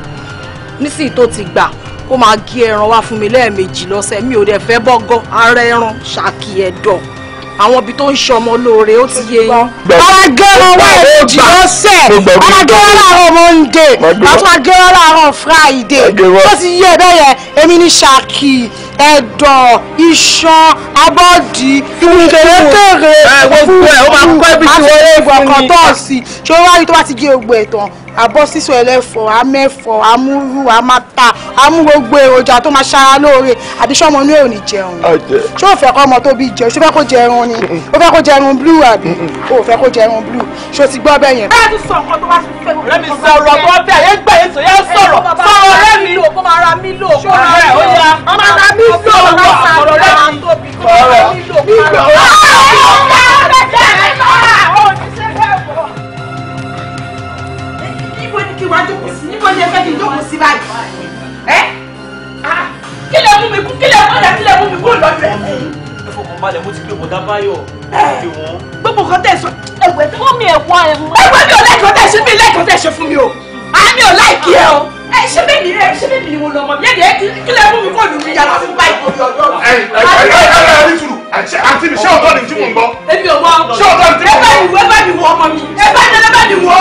nísìnyí ti gbà kó máa gé ẹran wá fún mi lẹ́ẹ̀mejì lọ́sẹ̀ mi ò dẹ̀ fẹ́ bọ́gọ́ ara ẹran ṣàkì ẹ̀dọ̀ àwọn ibi tó ń ṣe ọmọ lóore ó ti yé yín. ara gẹ́rọ wá èjì lọ́sẹ̀ ara gẹ́rọ láàárọ̀ Monday àti gẹ́rọ láàárọ̀ Friday ó ti yé bẹ́yẹn èmi ní ṣàkì ẹ̀dọ̀ iṣan abọ́dì ìwúkèrèkèrè gbogbo ẹ̀ ó máa kọ́ ibi tí wọ́n lè gbọ̀ngàn tó ṣé wọ́n wá tó bá ti gé gbogbo ẹ̀ tán àbọ̀ sísun ẹlẹ́fọ̀ amẹ́fọ̀ amúrú amáta amú gbogbo èròjà tó máa ṣara lóore àbí sọ́mọ inú ẹ̀ ò ní jẹun ṣé o fẹ́ kọ́ ọmọ tó bí jẹun ṣé o fẹ́ kó jẹ ẹran ni o fẹ́ kó jẹ ẹran blue àbí o fẹ́ kó jẹ ẹran ṣé o ti gbọ́ bẹ́ẹ̀ yẹn. ti sọ nǹkan tó bá ti fẹ́ kó mi tó bẹ́ẹ̀ yẹn gbà yẹn sọ̀rọ̀ sọ̀rọ̀ sọ̀rọ̀ rẹ́ mi lò kó máa ra mí lò kó máa ra mi lò ọmọ ra mi sọ̀rọ̀ ọ̀rọ̀ rẹ́ mi lò kó máa ra mí lò kó máa ra mí lò. bó ṣe fẹ́ kí n jókòó sí báyìí. ẹ ah, kí lè mú mi kú kí lè mú ọ̀dà kí lè mú mi kú lọ́dọ̀ ẹ̀. ẹ fọkàn balẹ̀ mo ti pé bọ̀dá báyọ̀ fi wọ́n. gbogbo nǹkan tẹ̀ sọ ẹ̀wẹ̀ tí wọ́n mi ẹ̀wọ́ ẹ̀ mú. ẹ̀wẹ̀ mi ò lẹ́kọ̀ọ́ tẹ̀ ṣe mi lẹ́kọ̀ọ́ tẹ̀ ṣe fún mi o àmì ò láìkí ẹ o ẹ ṣe bẹ́ẹ̀ ni ẹ ṣe bẹ́ẹ̀ ni mo lọ mọ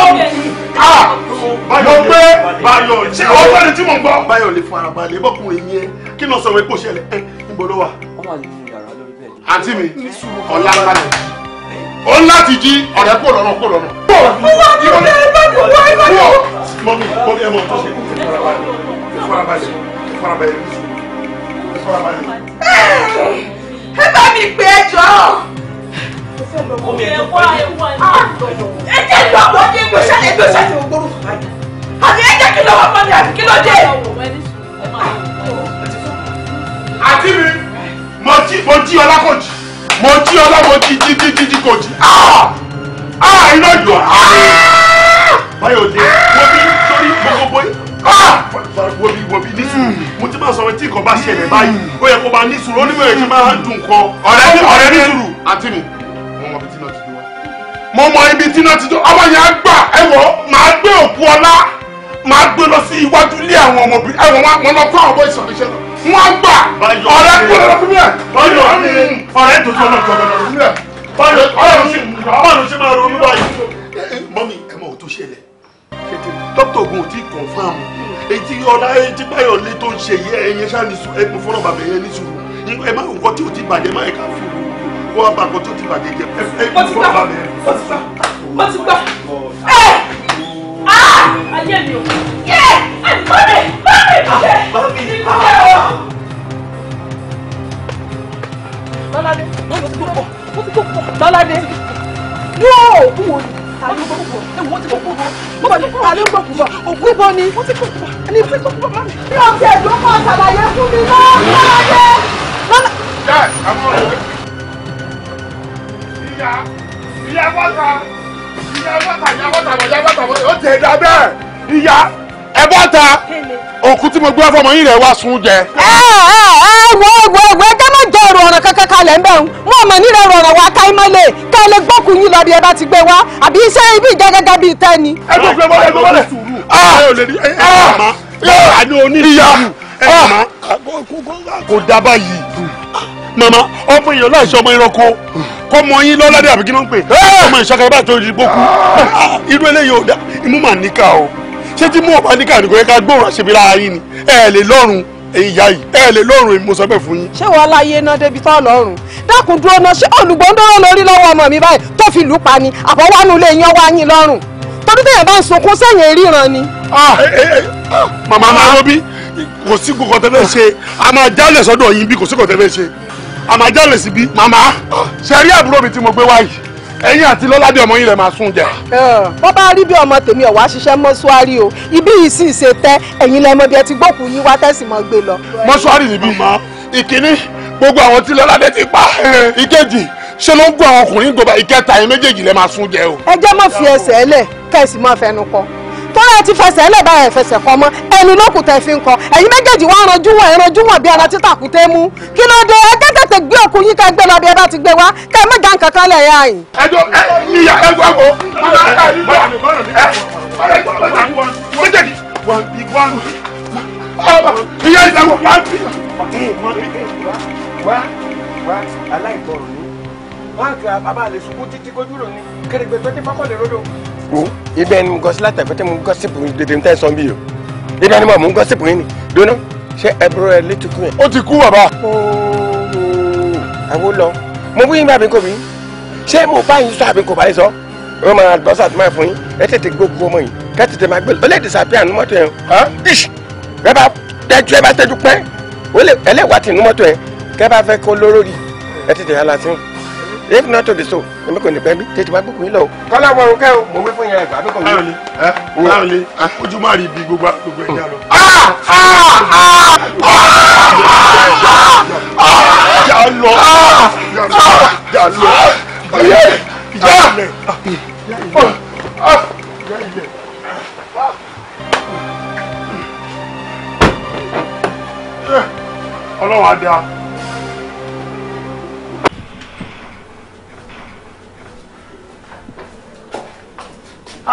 ọmọ ọmọ mo gbé Báyọ̀ ṣe àwọn ọgbẹ́ni tí mò ń gbọ́. Báyọ̀ lè fara balẹ̀ bọ́kùnrin yẹn kí ni ọ̀sán rẹ̀ kò ṣẹlẹ̀ ẹ níbo ló wà. àǹtí mi ọ̀la balẹ̀ ó ń láti jí ọ̀rẹ́ kò lọ́nà kò lọ́nà. wọ́n ti rẹ̀ lọ́dún wọ́n ti rẹ̀ lọ́dún. mọ́mí mọ́mí ẹ̀ mọ́ tó ṣe farabalẹ̀ farabalẹ̀ farabalẹ̀. ẹ bá mi pè é jọ̀ọ́ ah iná jọ ah! báyọ̀ dé ọ̀rẹ́ ní sùúrù àti mi mo mọ ibi tí náà ti jó ọmọ yẹn á gbà ẹ wọ màá gbé òkú ọlá màá gbé lọ sí iwájú ilé àwọn ọmọbìnrin ẹ wọ wọn lọ kó àwọn bọ ìsọ̀rọ̀ iṣẹ́ lọ wọn gbà ọ̀rẹ́ kúrò lọ fún mi ẹ̀ báyọ̀ ọ̀rẹ́ tó tọ́ lọ tọ́ lọ fún mi ẹ̀ báyọ̀ ọ̀rẹ́ ṣe máa ronú báyìí. mọ́mí ẹ mọ òtún ṣẹlẹ̀ dókítà ogun ò tí kọ̀ǹfàmù ètí ọlá ètí báyọ̀ lé tó ń ṣe yẹ ẹ̀yẹ ṣáà ní sùúrù ẹ̀ mú fọ́nà bàbá ẹ̀yẹ ní sùúrù ẹ má wọ́n ìwọ àbàkọ tó ti bàjẹ́ jẹ pẹ́ẹ́pẹ́ ìwọ bá mi. mo ti gbà mo ti gbà ẹ á ah! ayé mi ò yẹ ẹ mọ́ni mọ́ni mọ́ni ìgbẹ́ ọ. lọ́ládé mo ti gbọ́ mo ti gbọ́ lọ́ládé yóò kú wo ni tàbí gbọ́ púpọ̀ ewu ó ti kó púpọ̀ mo ti kó tàbí gbọ́ púpọ̀ òkú ìbọn ni ó ti kó púpọ̀ ẹni tí kó púpọ̀ mami. bí o ti ẹ̀dùn kan ṣàlàyé fún mi náà lọ́ládé. yes àwọn ọ̀rẹ́ mi. ìyá ìyá bọ́tà tí mo gbé fọmọ yín rẹ̀ wá sun jẹ. ẹ ẹ ẹ wo wo wo ẹ dáná jọ ọ̀rọ̀ kankan kalẹ̀ ń bẹ̀ ń wa ká lè ká lè gbọ́kù yín lọ bí ẹ bá ti gbé wá àbí iṣẹ́ ibi ìjẹ́gẹ́gẹ́ bíi tẹ́ ni. ẹ tó ẹ ah! kò dábàá yìí kọ́ mọ yín lọ́lọ́dẹ àbí kí ló ń pè ọmọ ìṣàkà bá tó di bókú ah! Ah! irú eléyìí ò dá imú mà níkà o ṣé tí mú ọ̀bá níkà nìkan yẹ ká gbóòrùn àṣebí lára yín ni ẹ lè lọ́rùn èyí ìyá yìí ẹ lè lọ́rùn èmi mo sọ bẹ́ẹ̀ fún yín. ṣé wàá láyé náà débi tó lọ́rùn dákun dúró náà ṣé olùgbòǹdọ́rọ̀ lórí lọ́wọ́ ọmọ mi báyìí tó fi lù ú pa ni àbọ̀wánú lè yan wá yín lọ́rùn torí tẹ̀yẹ̀ bá ń sunkún sẹ́yìn ríran ni. Ah! Eh, eh, eh, màmá máa lọ bí kò sí kò kọ́ tẹ́lẹ̀ ṣe a máa jálẹ̀ sọ́dọ̀ yín bí kò sí kò tẹ́lẹ̀ ṣe àmàjálè síbí. màmá ṣẹ̀rí àbúrò mi tí mo gbé wá yìí ẹ̀yin àti lọ́ládé ọmọ yín lè máa sún jẹ. bó bá rí bí ọmọ tèmi ọ̀wá ṣiṣẹ́ mọ́ṣúárì o ibi yìí sì ṣe tẹ́ ẹ̀yin lẹ́mọ bí ẹ ti gbókù yín wá tẹ̀sí mọ́ gbé lọ. mọ́ṣúárì níbí ìkíní gbogbo àwọn tí lọ́ládé ti pa ìkejì ṣe ló ń gbọ́ àwọn ọkùnrin gbọba ìkẹta ẹ̀yin méjèèjì lè máa sún jẹ o. ẹ jẹ́ mọ̀ fi ẹsẹ̀ ẹlẹ̀ kẹ́sì mọ́ fẹnu kọ tọ́lá ti fẹsẹ̀ ẹ̀ ẹ̀ fẹsẹ̀ kan mọ́ ẹnu lókùn fi ń kọ ẹ̀yin méjèèjì wá ranjú wọn ẹranjú wọn bí ara títà kú tẹ́ mú kí ló dé ẹjẹ́ tètè gbé òkú yín kẹ́ gbé lọ bí ẹ bá ti gbé wá kẹ́ ẹ má nǹkan kan lẹ̀ yìí. ẹjọ ẹ ní ìyá ẹ gbọ́ wọ méjèèjì ìyá ìdáwọ̀ wá aláìgbọràn wọn àti bàbá àlè ṣubú títí kojú rò ní dèdè ń tẹ̀ bí o ibẹ̀ mú gọsí pò yín ni dóná ṣé ẹ̀bùrọ̀ ẹ̀ létí kú ó ti kú bàbá. àwọn lọ mo bí yín bá mi kò bí ṣé mo bá yín sọ àbí kò bá yín sọ wọ́n máa lọ sàtúmọ̀ fún yín ẹ tètè gbogbo ọmọ yìí ká tètè máa gbé ọ lè àánú mọ́tò yẹn hàn ish ẹ bá tẹjú ẹ bá tẹjú pẹ́ ẹ lè wá tì nú mọ́tò yẹn kẹ bá fẹ́ kó lóró rí ẹ tètè yàrá sí if not to the so èmi kò ní pẹ́ bí tètè wá gbókùn yín lọ o. kọ́lá wọ òkè o mo wí fún yẹn ẹ̀gbá mi kò ní. láyọ̀lé láyọ̀lé ojú má rí ibi gbogbo gbogbo ẹ̀dá ah, yà ah, ah, ah. lọ yà lọ yà ilẹ̀. ọlọ́wọ́ á dáa.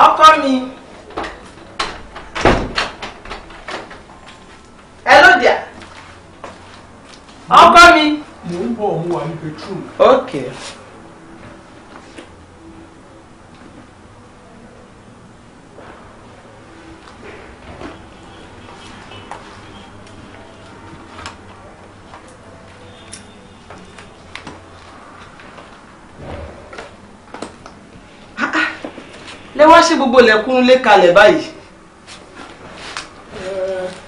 ọkọ mi ẹ ló dìá ọkọ mi. mo ń bọ̀ mo wà ní petrol. okay. ṣe gbogbo lẹ́kùn lé kalẹ̀ báyìí.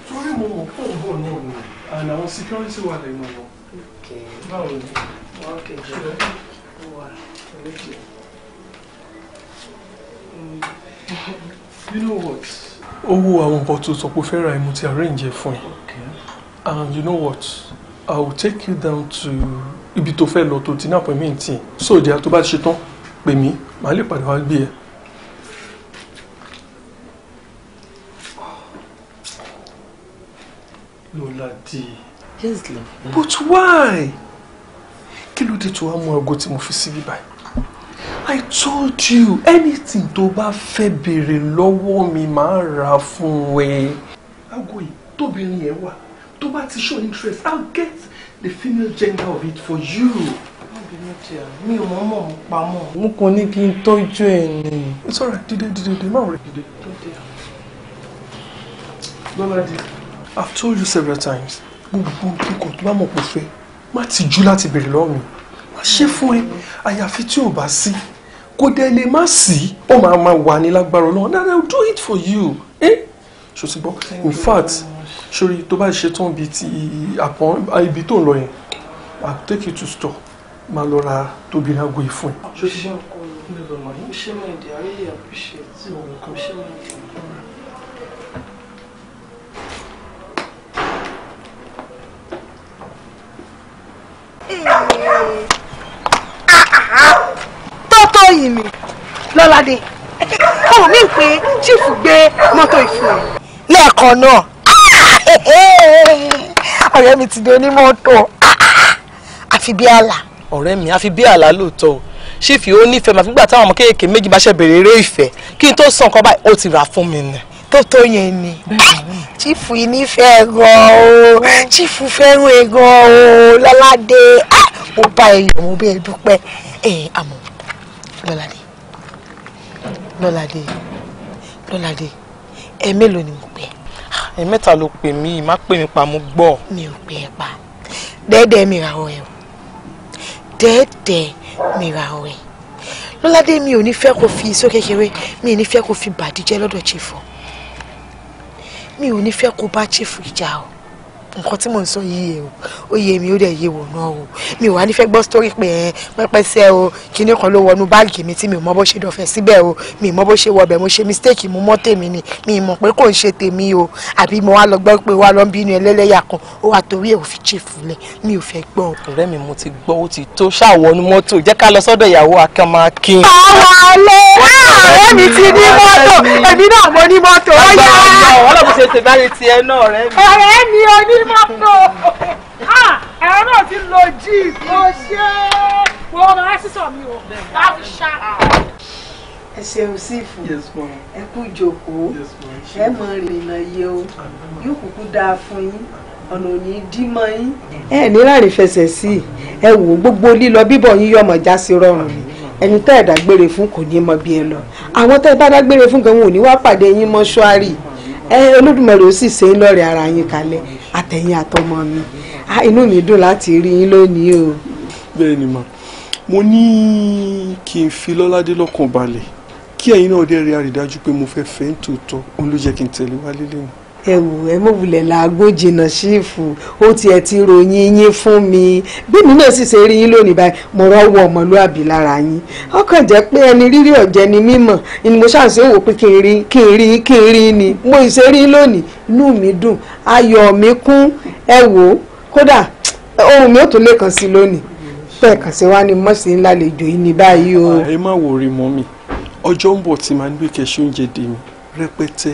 torí mo mọ̀ pọ̀ bọ̀ náà ni àná àwọn wà lẹ́nu ọ̀nà. báwo ni. wọ́n kéde ó wà mm. lóde. [LAUGHS] you know what owó àwọn nǹkan tó sọ pé fẹ́ ra ẹmu ti arrange fún yín and you know what i will take you down to ibi tó fẹ́ lọ tó ti ní appointment yìí so ìdí àtúbà ṣetán pè mí màá lè padà wá gbé ẹ. ti. yes but why? kí ló dé tó wá mú aago tí mo fi síbí báyìí. I told you anything tó bá fẹ́ béèrè lọ́wọ́ mi máa ra fún ẹ. aago yìí tóbìnrin yẹn wà tó bá ti show interest I'll get the female gender of it for you mi ò mọ̀ mọ̀ pamọ́. mo kàn ní kí n tọ́jú ẹ̀ ni. it's alright dìde dìde dìde má wọlé dìde. lọ́la dìde. I've told you several times gbogbo nǹkan tó bá mọ̀ kó fẹ́ má tìjú láti béèrè lọ́wọ́ mi má ṣe fún ẹ àyàfi tí ò bá sí kó dẹ̀ lè má sí ó máa máa wà ní lágbára Ọlọ́run and I will do it for you eh? in fact sori tó bá ṣe tán bíi ti àpọ́n ibi tó ń lọ yẹn I will take you to store máa lọ ra tóbi lágbo ìfún ẹ. ṣòtìgbọ́ ṣé mo ìdí ayé àpèṣe tí mo kọ́ ṣé mo ìdí. tọ́tọ́ yìí mi lọ́ládé ó mi pé chief gbé mọ́tò ìfún ẹ̀. lẹ́ẹ̀kan náà ọ̀rẹ́ mi ti di onímọ́tò àfi bí àlà. ọ̀rẹ́ mi àfi bí àlà lóòótọ́ o ṣífì ó nífẹ̀ẹ́ màá fígbà táwọn ọmọ kéékèèké méjì bá ṣe bèrè eré ìfẹ́ kí n tó sàn kọ́ báyìí ó ti rà fún mi nì tó tó yẹn ni ah! chiefu nífẹ̀ẹ́ gan o chiefu fẹ́ràn ẹ gan o lọ́ládé ah! mo bá ẹ yọ̀ mo bẹ́ẹ̀ dúpẹ́ ẹ àmọ́ lọ́ládé lọ́ládé lọ́ládé ẹ mélòó ni mo pè é. Ah! ẹ mẹ́ta ló pè mí má pè mí pa mo gbọ́. mi ò pè é pa dẹ́ẹ̀dẹ́ mi ra ọ̀rẹ́ o dẹ́ẹ̀dẹ́ mi ra ọ̀rẹ́ lọ́ládé mi ò ní fẹ́ kó fi iṣó kékeré mi ò ní fẹ́ kó fi bàdíjẹ́ lọ́dọ̀ chiefu mi ò ní fẹ́ kó bá chief ìjà o nǹkan tí mò ń sọ yìí ẹ o ó yé mi ó dẹ̀ yé wò náà o mi wà nífẹ̀ẹ́ gbọ́ sítórì pé ẹ pẹ́pẹ́sẹ́ o kinní kan ló wọnú báàgì mi tí mi ò bó ṣe dọ̀fẹ́ síbẹ̀ o mi ò bó ṣe wọbẹ̀ mo ṣe mistake mo mọ́ tèmi ni mi ì mọ̀ pé kò ń ṣe tèmi o àbí mo wá lọ gbọ́ pé wá lọ ń bínú ẹlẹ́lẹ́yà kan ó wà torí ẹ̀ ò fi ṣe fúnlẹ̀ mi ò fẹ́ gbọ́. ọ̀rẹ́ mi mo ti gbọ́ ó ti tó ṣàwọnú mọ́tò jẹ́ ká lọ sọ́dọ̀ ìyàwó akẹ́mákin. ọ̀rẹ́ mi ti ní mọ́tò èmi náà mo ní mọ́tò ẹ̀rọ náà ti lo jeep ó ṣe é wọ́n ọmọ lásìsọ mi ò bá fi ṣá. ẹ ṣeun sífù ẹ kú ìjókòó ẹ mọ ìrìnà yìí o yóò kúkú dáa fún yín ọ̀nà ò ní dí mọ́ yín. ẹ ní láàrin fẹsẹ̀ sí i ẹ wò gbogbo lílọ bíbọ̀ yín yọmọ já sí rọrùn ni ẹni tẹ́ ẹ̀ dágbére fún kò ní mọ bí ẹ lọ àwọn tẹ́ ẹ bá dágbére fún gan wọn ò ní wá pàdé yín mọ́ṣúárì ẹ olódùmarè ó sì ṣe é lọ́rẹ̀ ara yín kalẹ̀ àtẹ̀yìn àtọmọ mi inú mi dùn láti rí yín lónìí o. bẹ́ẹ̀ ni mà mo ní kí n fi lọ́ládé lọ́kàn balẹ̀ kí ẹ̀yin náà dé rí àrídájú pé mo fẹ́ fẹ́ ń tòótọ́ òun ló ẹ wò ẹ mọ̀wulẹ̀ làágùn jìnnà ṣífù ó ti ròyìn yín fún mi bí mi náà sì ṣe rí yín lónìí báyìí mo rọ́wọ́ ọmọlúàbí lára yín ọkàn jẹ́ pé ẹni rírí ọ̀jẹ̀ ni mímọ̀ ni mo ṣàǹṣe wò pé kí n rí kí n rí kí n rí ni mo ṣe rí lónìí inú mi ni mo o. ẹ má wò rí mọ́ mi ọjọ́ ń bọ̀ tí màá gbé oúnjẹ rẹpẹtẹ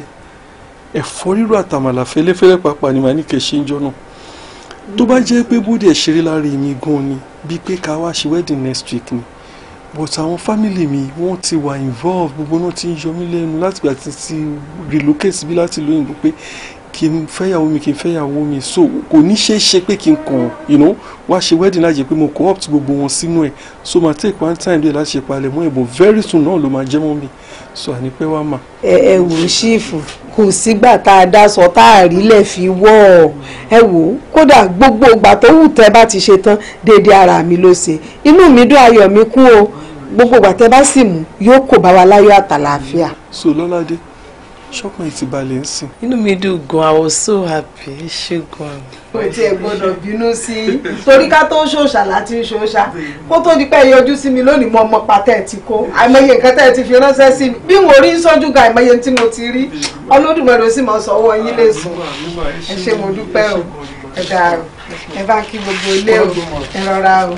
ẹ̀fọ́ rírò àtàmàlà fẹ́lẹ́fẹ́lẹ́ pàápàá ni màá ní kẹ́ ṣe ń jọ́nà tó bá jẹ́ pé bóde ẹ̀ṣẹ̀rẹ́ lára èmi gan ni bíi pé ká wá ṣe wedding next week ni but àwọn family mi wọ́n ti wà involved gbogbo náà ti ń yọ mí lẹ́nu láti gbà tí ti relocate síbí láti lóyìnbó pé kí n fẹ́yàwó mi kí n fẹ́yàwó mi so kò ní ṣe é ṣe pé kí n kàn you know wá ṣe wedding láti jẹ́ pé mo co-opt gbogbo wọn sínú ẹ̀ so ma take one time díẹ̀ láti ṣe palẹ̀ mọ́ ẹ̀bùn very soon náà ló máa jẹ́ mọ́ mi so àní pẹ́ wá mà. ẹ ẹ wò ó ṣíìfù kò sígbà tá a dá sọ tá a rí lẹ̀ fi wọ́ ọ ẹ wò ó kódà gbogbo ìgbà tó wù tẹ́ bá ti ṣe tán déédé ara mi ló ṣe inú mi dùn ayọ̀ mi kún o gbogbo ìgbà tẹ́ bá sì mú yóò kò bá wa láyọ̀ àtàlàáfíà. sọlọ́ládé so, ṣọ́kùn ti balẹ̀ ń sìn. inú mi dùn i was so happy She go. gan. kò tiẹ̀ gbọ́dọ̀ bínú sí i [LAUGHS] torí ká tó ṣòṣà láti ṣòṣà kó tó di pé ẹ yọjú sí mi lónìí mo ọmọ patẹ́ ti kó àìmọye nǹkan tẹ́ ẹ ti fi ránṣẹ́ sí mi bí wọ́n rí sọ́jú ga àìmọye tí mo ti rí Olódùmarè sì máa sọ ọwọ́ yín lè sùn ẹ ṣe mo dúpẹ́ o ẹ dáa o ẹ bá doing gbogbo ilé o ẹ rọra o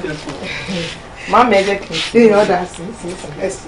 [LAUGHS] má mẹ́jẹ̀ kì í sí ìyọ̀dà sí sí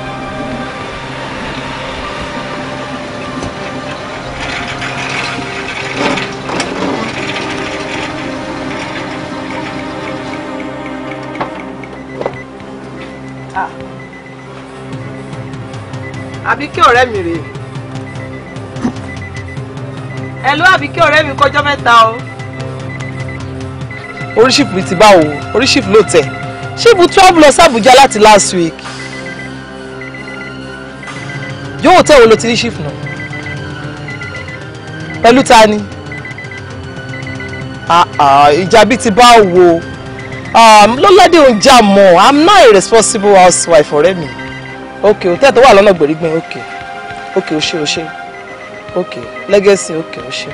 àbí kí ọ̀rẹ́ mi rèé ẹ̀lú àbí kí ọ̀rẹ́ mi kọjọ́ mẹ́ta o. oríṣìp mi ti bá wo oríṣìp ló tẹ̀ ṣé ibu lọ sí láti last week yóò tẹ̀ wo lo ti rí ṣìf náà pẹ̀lú ta ni ah, ah, ìjà bíi ti bá wo um, lọ́ládé ò ń jà mọ́ I'm not a responsible housewife ọ̀rẹ́ mi ok hòtẹ́ẹ̀ tó wà lọ́nà gbèrígbìn ok ok o ṣe o ṣe ok legacy ok o ṣe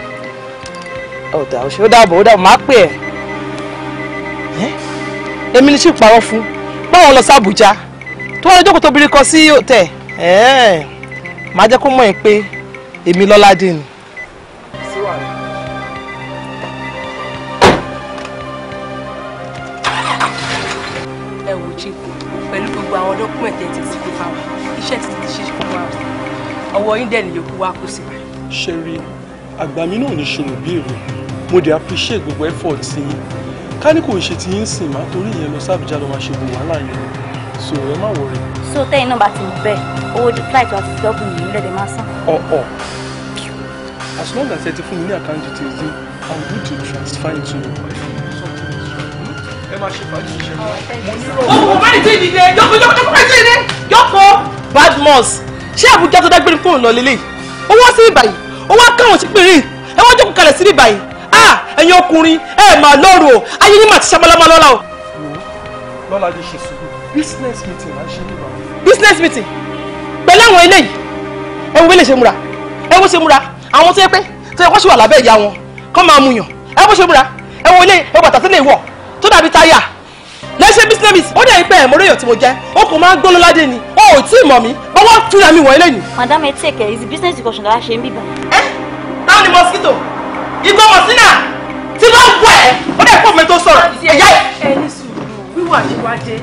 ọ̀dà o ṣe ó dàbọ̀ ó dàbọ̀ máa pè ẹ́ èmi ni ṣì parọ́ fún báwọn lọ sí Àbújá tó wọ́n lọ́jọ́ kó tóbi rí kọ sí hòtẹ́ẹ̀ ẹ́ẹ̀ màá jẹ́ kó mọ̀ ẹ́ pé èmi Lọ́ládé ni. ẹ wò chiku pẹ̀lú gbogbo àwọn dọ́kúmẹ̀tì ẹ̀ ti fi iṣẹ́ ti ṣe fún wa ọwọ́ yín dẹ̀ nìyókù wá kó sí báyìí. ṣe rí àgbà mi náà ní ṣòro bí èrò mo dẹ̀ appreciate gbogbo effort yín ká ní kò ń ṣe ti yín sìn má torí ìyẹn lọ sí Àbújá lọ máa ṣe gbogbo wàhálà yẹn so ẹ má wọrẹ. so tẹ́yìn náà bá ti bẹ̀ owó di flight wa ti fi dọ́gbìn yìí lẹ́dẹ̀ máa san. ọ̀ọ̀ as long as ẹ ti fún mi ní account details dín i will do the transfer into your wife. ẹ máa ṣe fàájì ìṣẹ́ mi. mo ní rọ̀ wọ́n. ọ̀hún báyìí ti dìde yọkọ̀ yọkọ̀ yọkọ̀ báyìí ti dìde yọkọ̀. Badmus ṣé Àbújá tó dágbére fóònù lọ lélẹ̀ ó wá sí ìbàyí ó wá káwọn sí péré ẹ wọ́n jókòó kalẹ̀ sí ìbàyí à ẹ̀yin ọkùnrin ẹ máa lọ́rùn o ayé yín máa ti ṣàmọ́lámá lọ́la o. lọ́la yìí ṣe sùúrù business meeting máa ń ṣe nígbà. business meeting pẹ̀lú àwọn eléyìí ẹ wo bí lè ṣe múra ẹ wo ṣe múra àwọn tó yẹ pé tó yẹ kó ṣe wà lábẹ́ ìyá wọn kó máa muyàn ẹ wo ṣe múra ẹ wo ilé ẹ lẹ́sẹ̀ business ó dẹ̀ pẹ́ ẹ̀mọ́rẹ́yọ̀ tí mo jẹ́ ó kò máa ń gbóná ládé ni ó ò tí ì mọ̀ mí ọwọ́ fúnra mi wọ̀nyí lẹ́nu. madam ẹ take it is business discussion la ṣe ń bíbá. ẹ táwọn ni mosquito igbó mọ̀sínà tí ló ń wọ̀ ẹ́ ó dẹ̀ pọ̀ mi tó sọ̀rọ̀ ẹ̀yà ẹ̀. ẹ sùúrù wíwà ṣíwájé.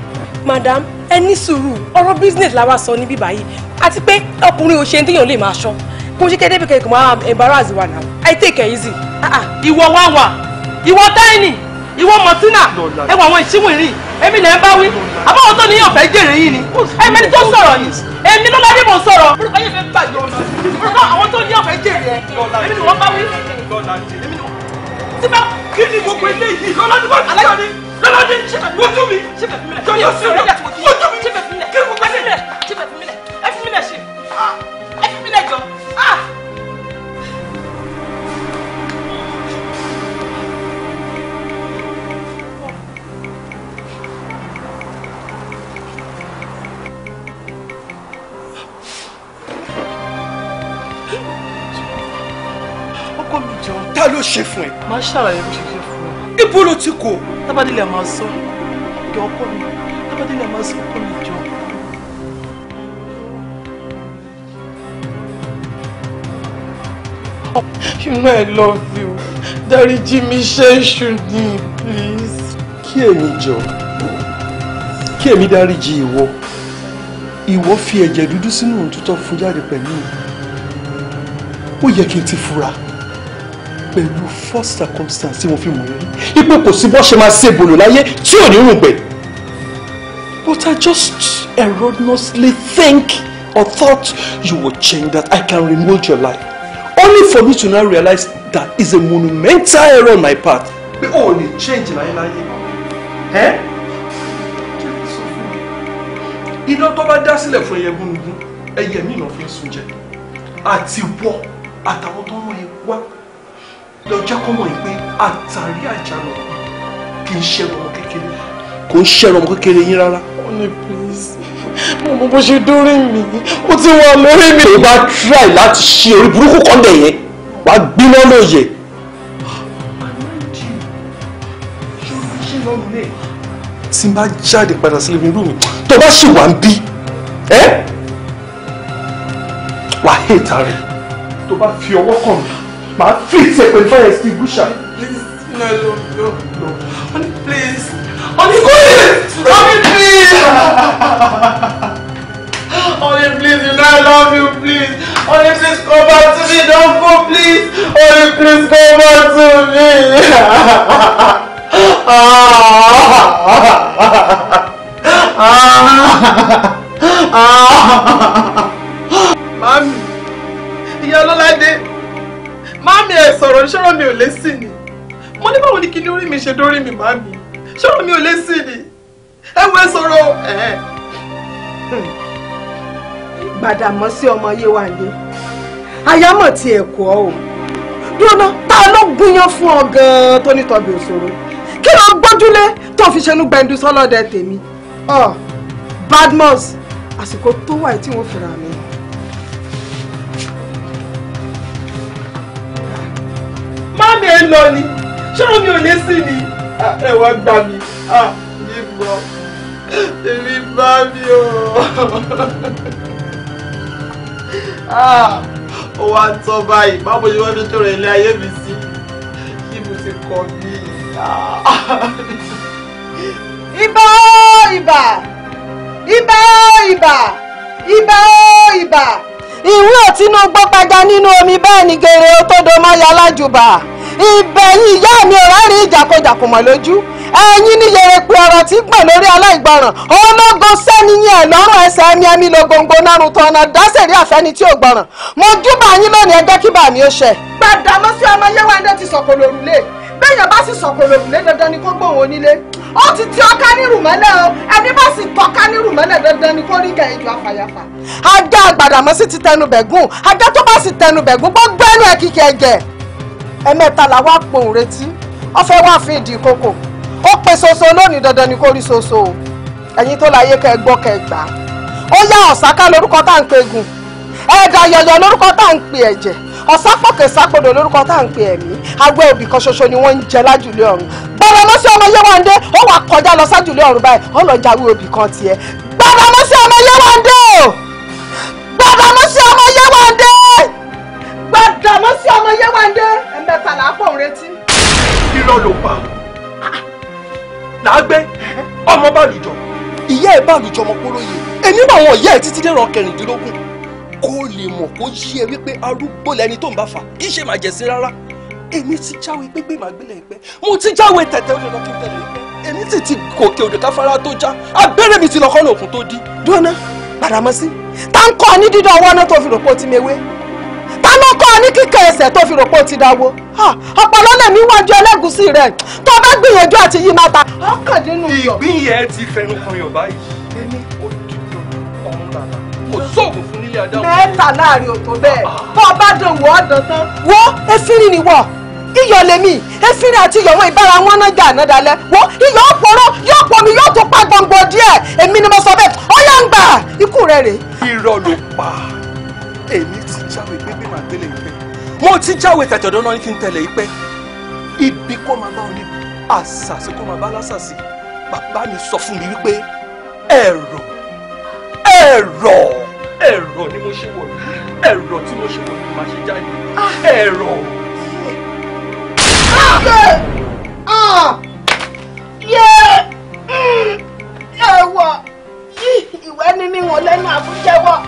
madam ẹ ní sùúrù ọ̀rọ̀ business la wa sọ ní bíbá yìí àti pé ọkùnrin ò ṣe ní téèyàn lè máa ṣọ kò ṣe kéde bí máa embarrass wa now i take it easy. Ah, ah, ìwọ wá wà ìwọ táyì ìwọ mọ̀tínà ẹ wọ àwọn ìṣíwìnrin èmi lẹ́ ń bá wí àbáwọn tó ní ọ̀fẹ́ jèrè yìí ni èmi ni tó sọ̀rọ̀ yìí èmi ló lábẹ́ mọ̀ sọ̀rọ̀ orúkọ yẹn fẹ́ bàjẹ́ ọ̀nà àwọn tó ní ọ̀fẹ́ jèrè ẹ èmi ni wọ́n bá wí síbẹ̀ kí ni gbogbo eléyìí lọ́lọ́dún bá ti sọ ni lọ́lọ́dún ojú mi jọyọ̀ sí mi ojú mi kí gbogbo eléyìí ẹ jọ. ta ló ṣe fún ẹ. máa ṣàlàyé bó ṣe ṣe fún ẹ. ibo ló ti kó. tábàdìlẹ̀ máa sọ ìjọ ọkọ mi tábàdìlẹ̀ máa sọ ọkọ mi jọ. You know I love you. Dáríjì mi ṣe iṣu ni, please. Kí èmi jọ, kí èmi dáríjì ìwọ. Ìwọ fi ẹ̀jẹ̀ dúdú sínú òtútọ́ fún jáde pẹ̀lú. Ó yẹ kí n ti fura pẹ̀lú first circumstance tí mo fi mọ̀ yẹn ipò kò sí bó ṣe máa ṣe bòlò láyé tí ò ní rùgbẹ̀. But I just erroneously think or thought you would change that I can remold your life only for me to now realize that is a monumental error on my part. pé o lè change láyéláyé ẹ́ iná tó bá dá sílẹ̀ fún ẹyẹ gúnugún ẹyẹ mi náà fi ń sun jẹ àti wọ àtàwọn tó ń rán ẹ wá lọ jẹ́ kó mọ̀ pé àtàrí àjàrò kì í ṣẹ̀rọ ọmọ kékeré kò ń ṣẹ̀rọ ọmọ kékeré yín rárá. ó ní pílíìsì mo mọ bó ṣe dórí mi ó ti wà lórí mi. èyí bá try láti ṣe orí burúkú kan dẹ̀ yẹn wàá gbiná lóye. tí n bá jáde padà sí living room tó bá ṣì wà ń bí ẹ́ wàá hate ara rẹ̀ tó bá fi ọwọ́ kàn mí màá fìtì ẹ̀ extinguisher. please no no no no honey please honey please honey please honey please you know I love you please honey please come back to me don't go please honey please come back to me. Mami, ìyá ọlọ́ládé. Máàmì ẹ̀ sọ̀rọ̀ ní ṣọ́rọ̀ mi ò lé sí ni. Mo ní báwo ni kí ni orí mi ṣe dórí mi máàmì? Ṣọ́rọ̀ mi ò lé sí ni. Ẹ wo ẹ sọ̀rọ̀ ẹ̀. Gbàdàmọ́ sí ọmọ Yéwándé. Àyámọ̀ ti ẹ̀kọ́ o. Dúró ta ló gúnyán fún ọ gan-an tó ní tọ́bi òṣòro? Kí ló gbójúlé tó fi ṣẹnu gbẹ̀ndú sọ́lọ́dẹ tèmi? Badmus, àsìkò tó wà tí wọ́n fira mi. mi ẹ lọ ni ṣọ́rọ̀ mi ò lè sí ni ẹ wá gbà mí mi bọ̀ èmi bá mi o ó wá tán báyìí báwo ṣe wọ́n fi tó rẹ̀ ilé ayé mi sí kí mo ti kọ̀ mí. ibà ibà ibà ibà ibà ibà ìwé ò tí mo gbọ́ padà nínú omi bẹ́ẹ̀ ni gèrè ó tó do máa yá lájùbà ìbẹ̀yìn ìyá mi ò rárí ìjàkọjàkọ mọ̀ lójú ẹ̀yin ní yẹrẹpẹ ọ̀rọ̀ tí gbọ̀n lórí aláìgbọràn ológo sẹ́ni yẹn lọ́rùn ẹsẹ̀ ẹ̀mí ẹ̀mí lo gbòǹgbò nárun tọ́nà dásẹ̀rí àfẹ́ni tí ò gbọ̀ràn mo júbà yín lónìí ẹgbẹ́ kí bàmí ó ṣẹ. padà lọ sí ọmọ yéwándé ti sọ̀kò lórùlé bẹ́yàn bá sì sọ̀kòrò òrùlé dandan ni kó gbóhùn onílé ó ti ti ọká nírù mọ́lẹ̀ o ẹni bá sì tọ́ká nírù mọ́lẹ̀ dandan ni kó rí kẹ̀yìn ju afàyàfà. ajá àgbàdàmọ́sí ti tẹnu bẹ̀gùn ajá tó bá sì tẹnu bẹ̀gùn gbọ́ gbẹ́nu ẹ̀ ẹ̀mẹ́ta làwa pohùn retí ó fẹ́ wá fi ìdí koko. ó pe soso lónìí dandan ni kò rí ṣoṣo o ẹ̀yin tó láyé ya osaka kẹ́ gbà ó yá ọ̀sáká lórúkọ tá à ń pe egun ẹ̀ẹ́dà yọ̀yọ̀ lórúkọ tá à ń pe ẹ̀jẹ̀ ọ̀sápọ̀kẹ̀ sápodò lórúkọ tá à ń pe kan ṣoṣo ni wọ́n ń jẹ lájùlé ọ̀run gbọ́dọ̀ ọmọ ó wà kọjá lọ ọ̀run báyìí ó lọ jáwé òbí kan tiẹ̀ gbọ́dọ̀ ọmọ gbọ́dọ̀ dààmú sí ọmọ Yéwándé ẹ̀mẹ́ta là á pọ̀ ń retí. irọ́ ló pa làágbé ọmọ bàlùjọ. ìyá ẹ bàlùjọ ọmọ polóye èmi mọ àwọn ìyá ẹ títí dẹ̀rọ kẹrìndínlógún kó lè mọ̀ kó yí ẹ wípé arúgbó lẹni tó ń bá fà kì í ṣe màá jẹ̀sí rárá èmi ti jáwé gbégbé màgbélé ẹgbẹ́ mo ti jáwé tẹ̀tẹ̀ olè lọ́kùn tẹ̀lé ẹgbẹ́ èmi sì ti gòkè òdè káfárá tó já abẹ́rẹ́ mi ti lọ́kọ́ lòkun tó dí. dúró ná padà mọ́ sí tá ń kọ́ ọ ní dídán ọwọ́ náà tó fi rò pé ó ti mewé tánú kọ́ ọ ní kíkẹ́ ẹsẹ̀ tó fi rò pé ó ti dáwó ọpọlọ lèmi wájú ẹlẹ́gùsí rẹ̀ tó bá gbìyànjú àti yí máa ta ọkàn nínú yọ. ìgbín yẹn ti fẹnu kan yọ̀ báyìí èmi ò dìbò ọ̀hún bàbá kò sóògùn fún nílé adáwọ̀. mẹ́ta láàrin òtó bẹ́ẹ̀ ah. tó bá dùn wọ́ ọ̀dàn tán. wo efirin ni wọ iyọ̀ lèmi efirin àti iyọ̀ wọn ìbára wọn náà jà náà dalẹ̀ wo iyọ̀ ọ̀pọ̀rọ̀ yóò pọ̀ mi yóò tún pa gbọ̀ngbọ̀ díẹ̀ èmi ni mo sọ bẹ́ẹ̀ ọ̀yà ń ikú rẹ̀ rèé. irọ́ ló pa á èmi ti jáwé gbégbé màá gbélé yìí pé mo ti jáwé tẹ̀tẹ̀dọ́ náà kí n tẹ̀lé yìí pé ibi kó máa bá ọ níbi àṣàṣì kó máa bá lásàṣì bàbá mi sọ fún mi wípé ẹ̀rọ ẹ̀rọ ẹ̀rọ ni mo ṣe wọ̀ ẹ̀rọ tí mo ṣe wọ̀ ni màá ṣe jáde ẹ̀rọ. ẹ̀wọ̀ ìwé mímí wọn lẹ́nu àbújẹ́wọ̀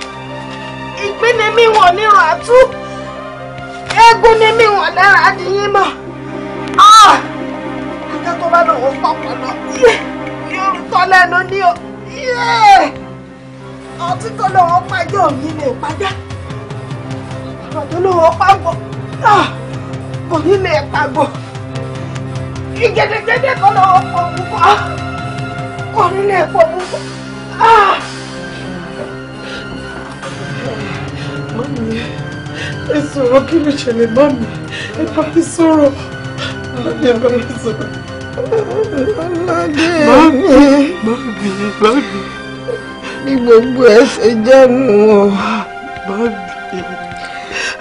ìgbín ni mí wọ̀n ní ràtú eégún ni mí wọ̀n lára adìyín mọ̀ ah! ajá tó bá lòun pọ̀pọ̀ lọ yóò tọ́ lẹ́nu ní o ọtí tó lòun pàjọ́ òní lè pàjá ọ̀rọ̀ tó lòun pàgbọ́ ah! kò ní lè pàgbọ́ ìgèdègèdè tó lòun pọ̀ púpọ̀ ah! kò lè pọ̀ púpọ̀. Mami, ẹ sọ̀rọ̀ kí ló ṣẹlẹ̀ mami, ẹ bá mi sọ̀rọ̀. Mami, ẹ bá Mami, mami, mami. Bí gbogbo ẹ ṣe jẹ́ Mami.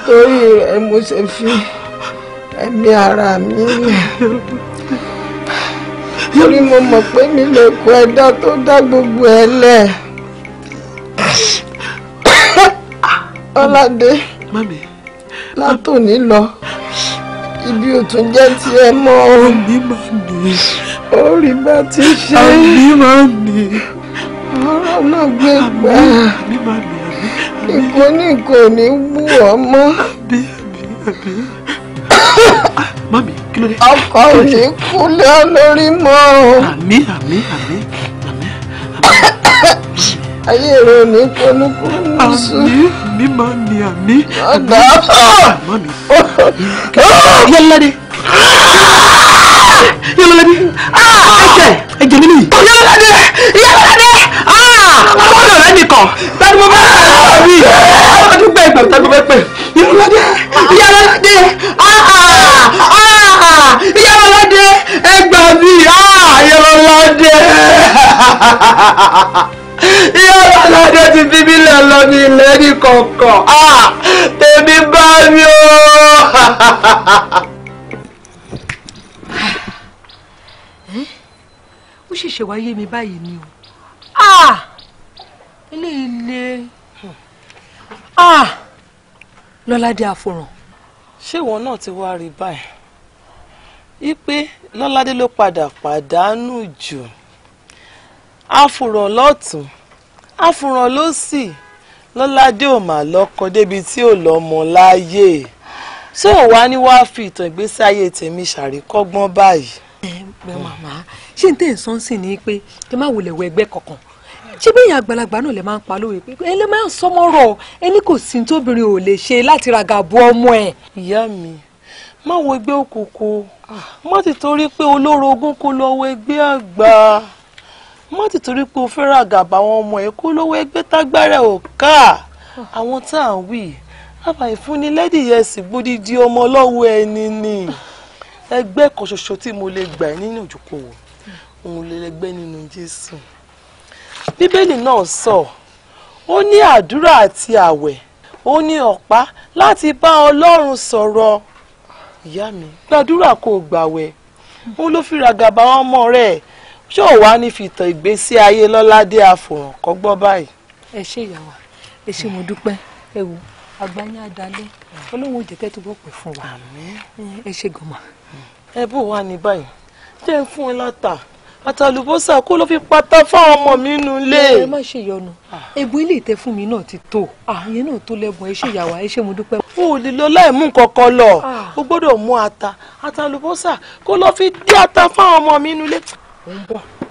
Torí rẹ̀ mo ṣe fi ẹ̀mí ara mi rẹ̀ torí mo mọ̀ pé mi lè kó ẹ̀dá tó dá gbogbo ẹ̀ lẹ̀. Ọládé látòní lọ ibi ò tún jẹ́ tiẹ̀ mọ́ o ó rí bá ti ṣe ọ̀rọ̀ náà gbé gbà ìkó ní ìkó ní wú ọ mọ́. [COUGHS] Ah, mami, kí ló dé? Ọkọ ò ní kúlẹ̀ lórí mọ́ o. Àmín, àmín, àmín, àmín, ayé rẹ ní kọ́nùkọ́nù sùn. àmì mi máa ń mi àmì. ọ̀dà mọ́ mi. yẹlẹ́dẹ́ yẹlẹ́dẹ́ ẹ̀jẹ̀ ẹ̀jẹ̀ mi nìyí. yẹlẹ́dẹ́ yẹlẹ́dẹ́ ọmọ mi ò rẹ́ nìkan tani mo bá rà ah, ah, ah, mí ọdún gbẹ ìgbà tani mo bẹ pẹ yẹlẹ́dẹ́ yẹlẹ́dẹ́ yẹlẹ́dẹ́ ẹgbàá mi yẹlẹ́dẹ́ ìyá ọlọ́dẹ ti fi mí lẹ̀ lọ ní ilẹ̀ ní kọ̀ọ̀kan tèmi bá mi o. [LAUGHS] Eh? ó ṣẹ̀ṣẹ̀ wáyé mi báyìí ni o ilé ilé lọ́ládé àfòràn. ṣé ìwọ náà ti wá rí báyìí wípé lọ́ládé ló padà pàdánù jù àfùrọ̀ lọ́tún àfùrọ̀ lọ́sì lọ́ládé ò mà lọ́kọ débi tí ò lọ́mọ láàyè ṣé ò wá ní wàá fi ìtàn ìgbésí ayé tèmi ṣàríkọ́gbọ́n báyìí. ẹ gbẹ́ màmá ṣé n tẹ́ ẹ̀ sọ́n sì ni pé kí n má wulẹ̀ wọ ẹgbẹ́ kankan ṣé bí ìyá àgbàlagbà náà lè máa ń pa lóore pé ẹ lè máa ń sọmọrọ ẹni kò sí tóbìnrin ò lè ṣe láti raga bo ọmọ ẹ. ìyá mi má wo ẹgbẹ́ òkùnkùn ah, má ti torí pé olórogún kó lọ wo ẹgbẹ́ àgbà má ti torí pé o fẹ́ràn àgàbà àwọn ọmọ ẹ̀ kó lówó ẹgbẹ́ tágbára ò ká àwọn tá à ń wì àbá ìfúnni lẹ́dí yẹsì gbódìdí ọmọ ọlọ́wọ́ ẹni ni ẹgbẹ́ kan ṣoṣo tí mo lè gbà ẹ́ nínú ìjókòó òun lè lẹgbẹ́ nínú Jésù bíbélì náà sọ ó ní àdúrà àti àwẹ̀ ó ní ọ̀pá láti bá Ọlọ́run sọ̀rọ̀ ìyá mi gbàdúrà kó gbàwẹ̀ òun ló fi ràgàbà ọmọ rẹ̀ ṣé ò wá ní fìtàn ìgbésí ayé lọ́ládé àfòràn kọ́ gbọ́ báyìí. ẹ ṣe ìyàwó ẹ ṣe mo dúpẹ́ ẹ wo àgbáyé adalẹ hmm. Ọlọ́run òjẹkẹ tó gbọpẹ fún wa ẹ ṣe gọmọ. ẹ bó wà ní báyìí jẹ́ ń fún ẹ látà àtàlùbọ́sà kó ló fi pátá fáwọn ọmọ mi nù lé. ẹ má ṣe yọnu ègbò ah. ilé ìtẹ fún mi náà ti tó àyè ah, náà tó lẹ́bùn ẹ ṣe ìyàwó ẹ ṣe mo dúpẹ́. o ò lè lọ láì mú nǹkan lọ ah. o gbọ́dọ̀ mú ata àtàlùbọ́sà kó lọ fi dí ata fáwọn ọmọ mi nù lé ń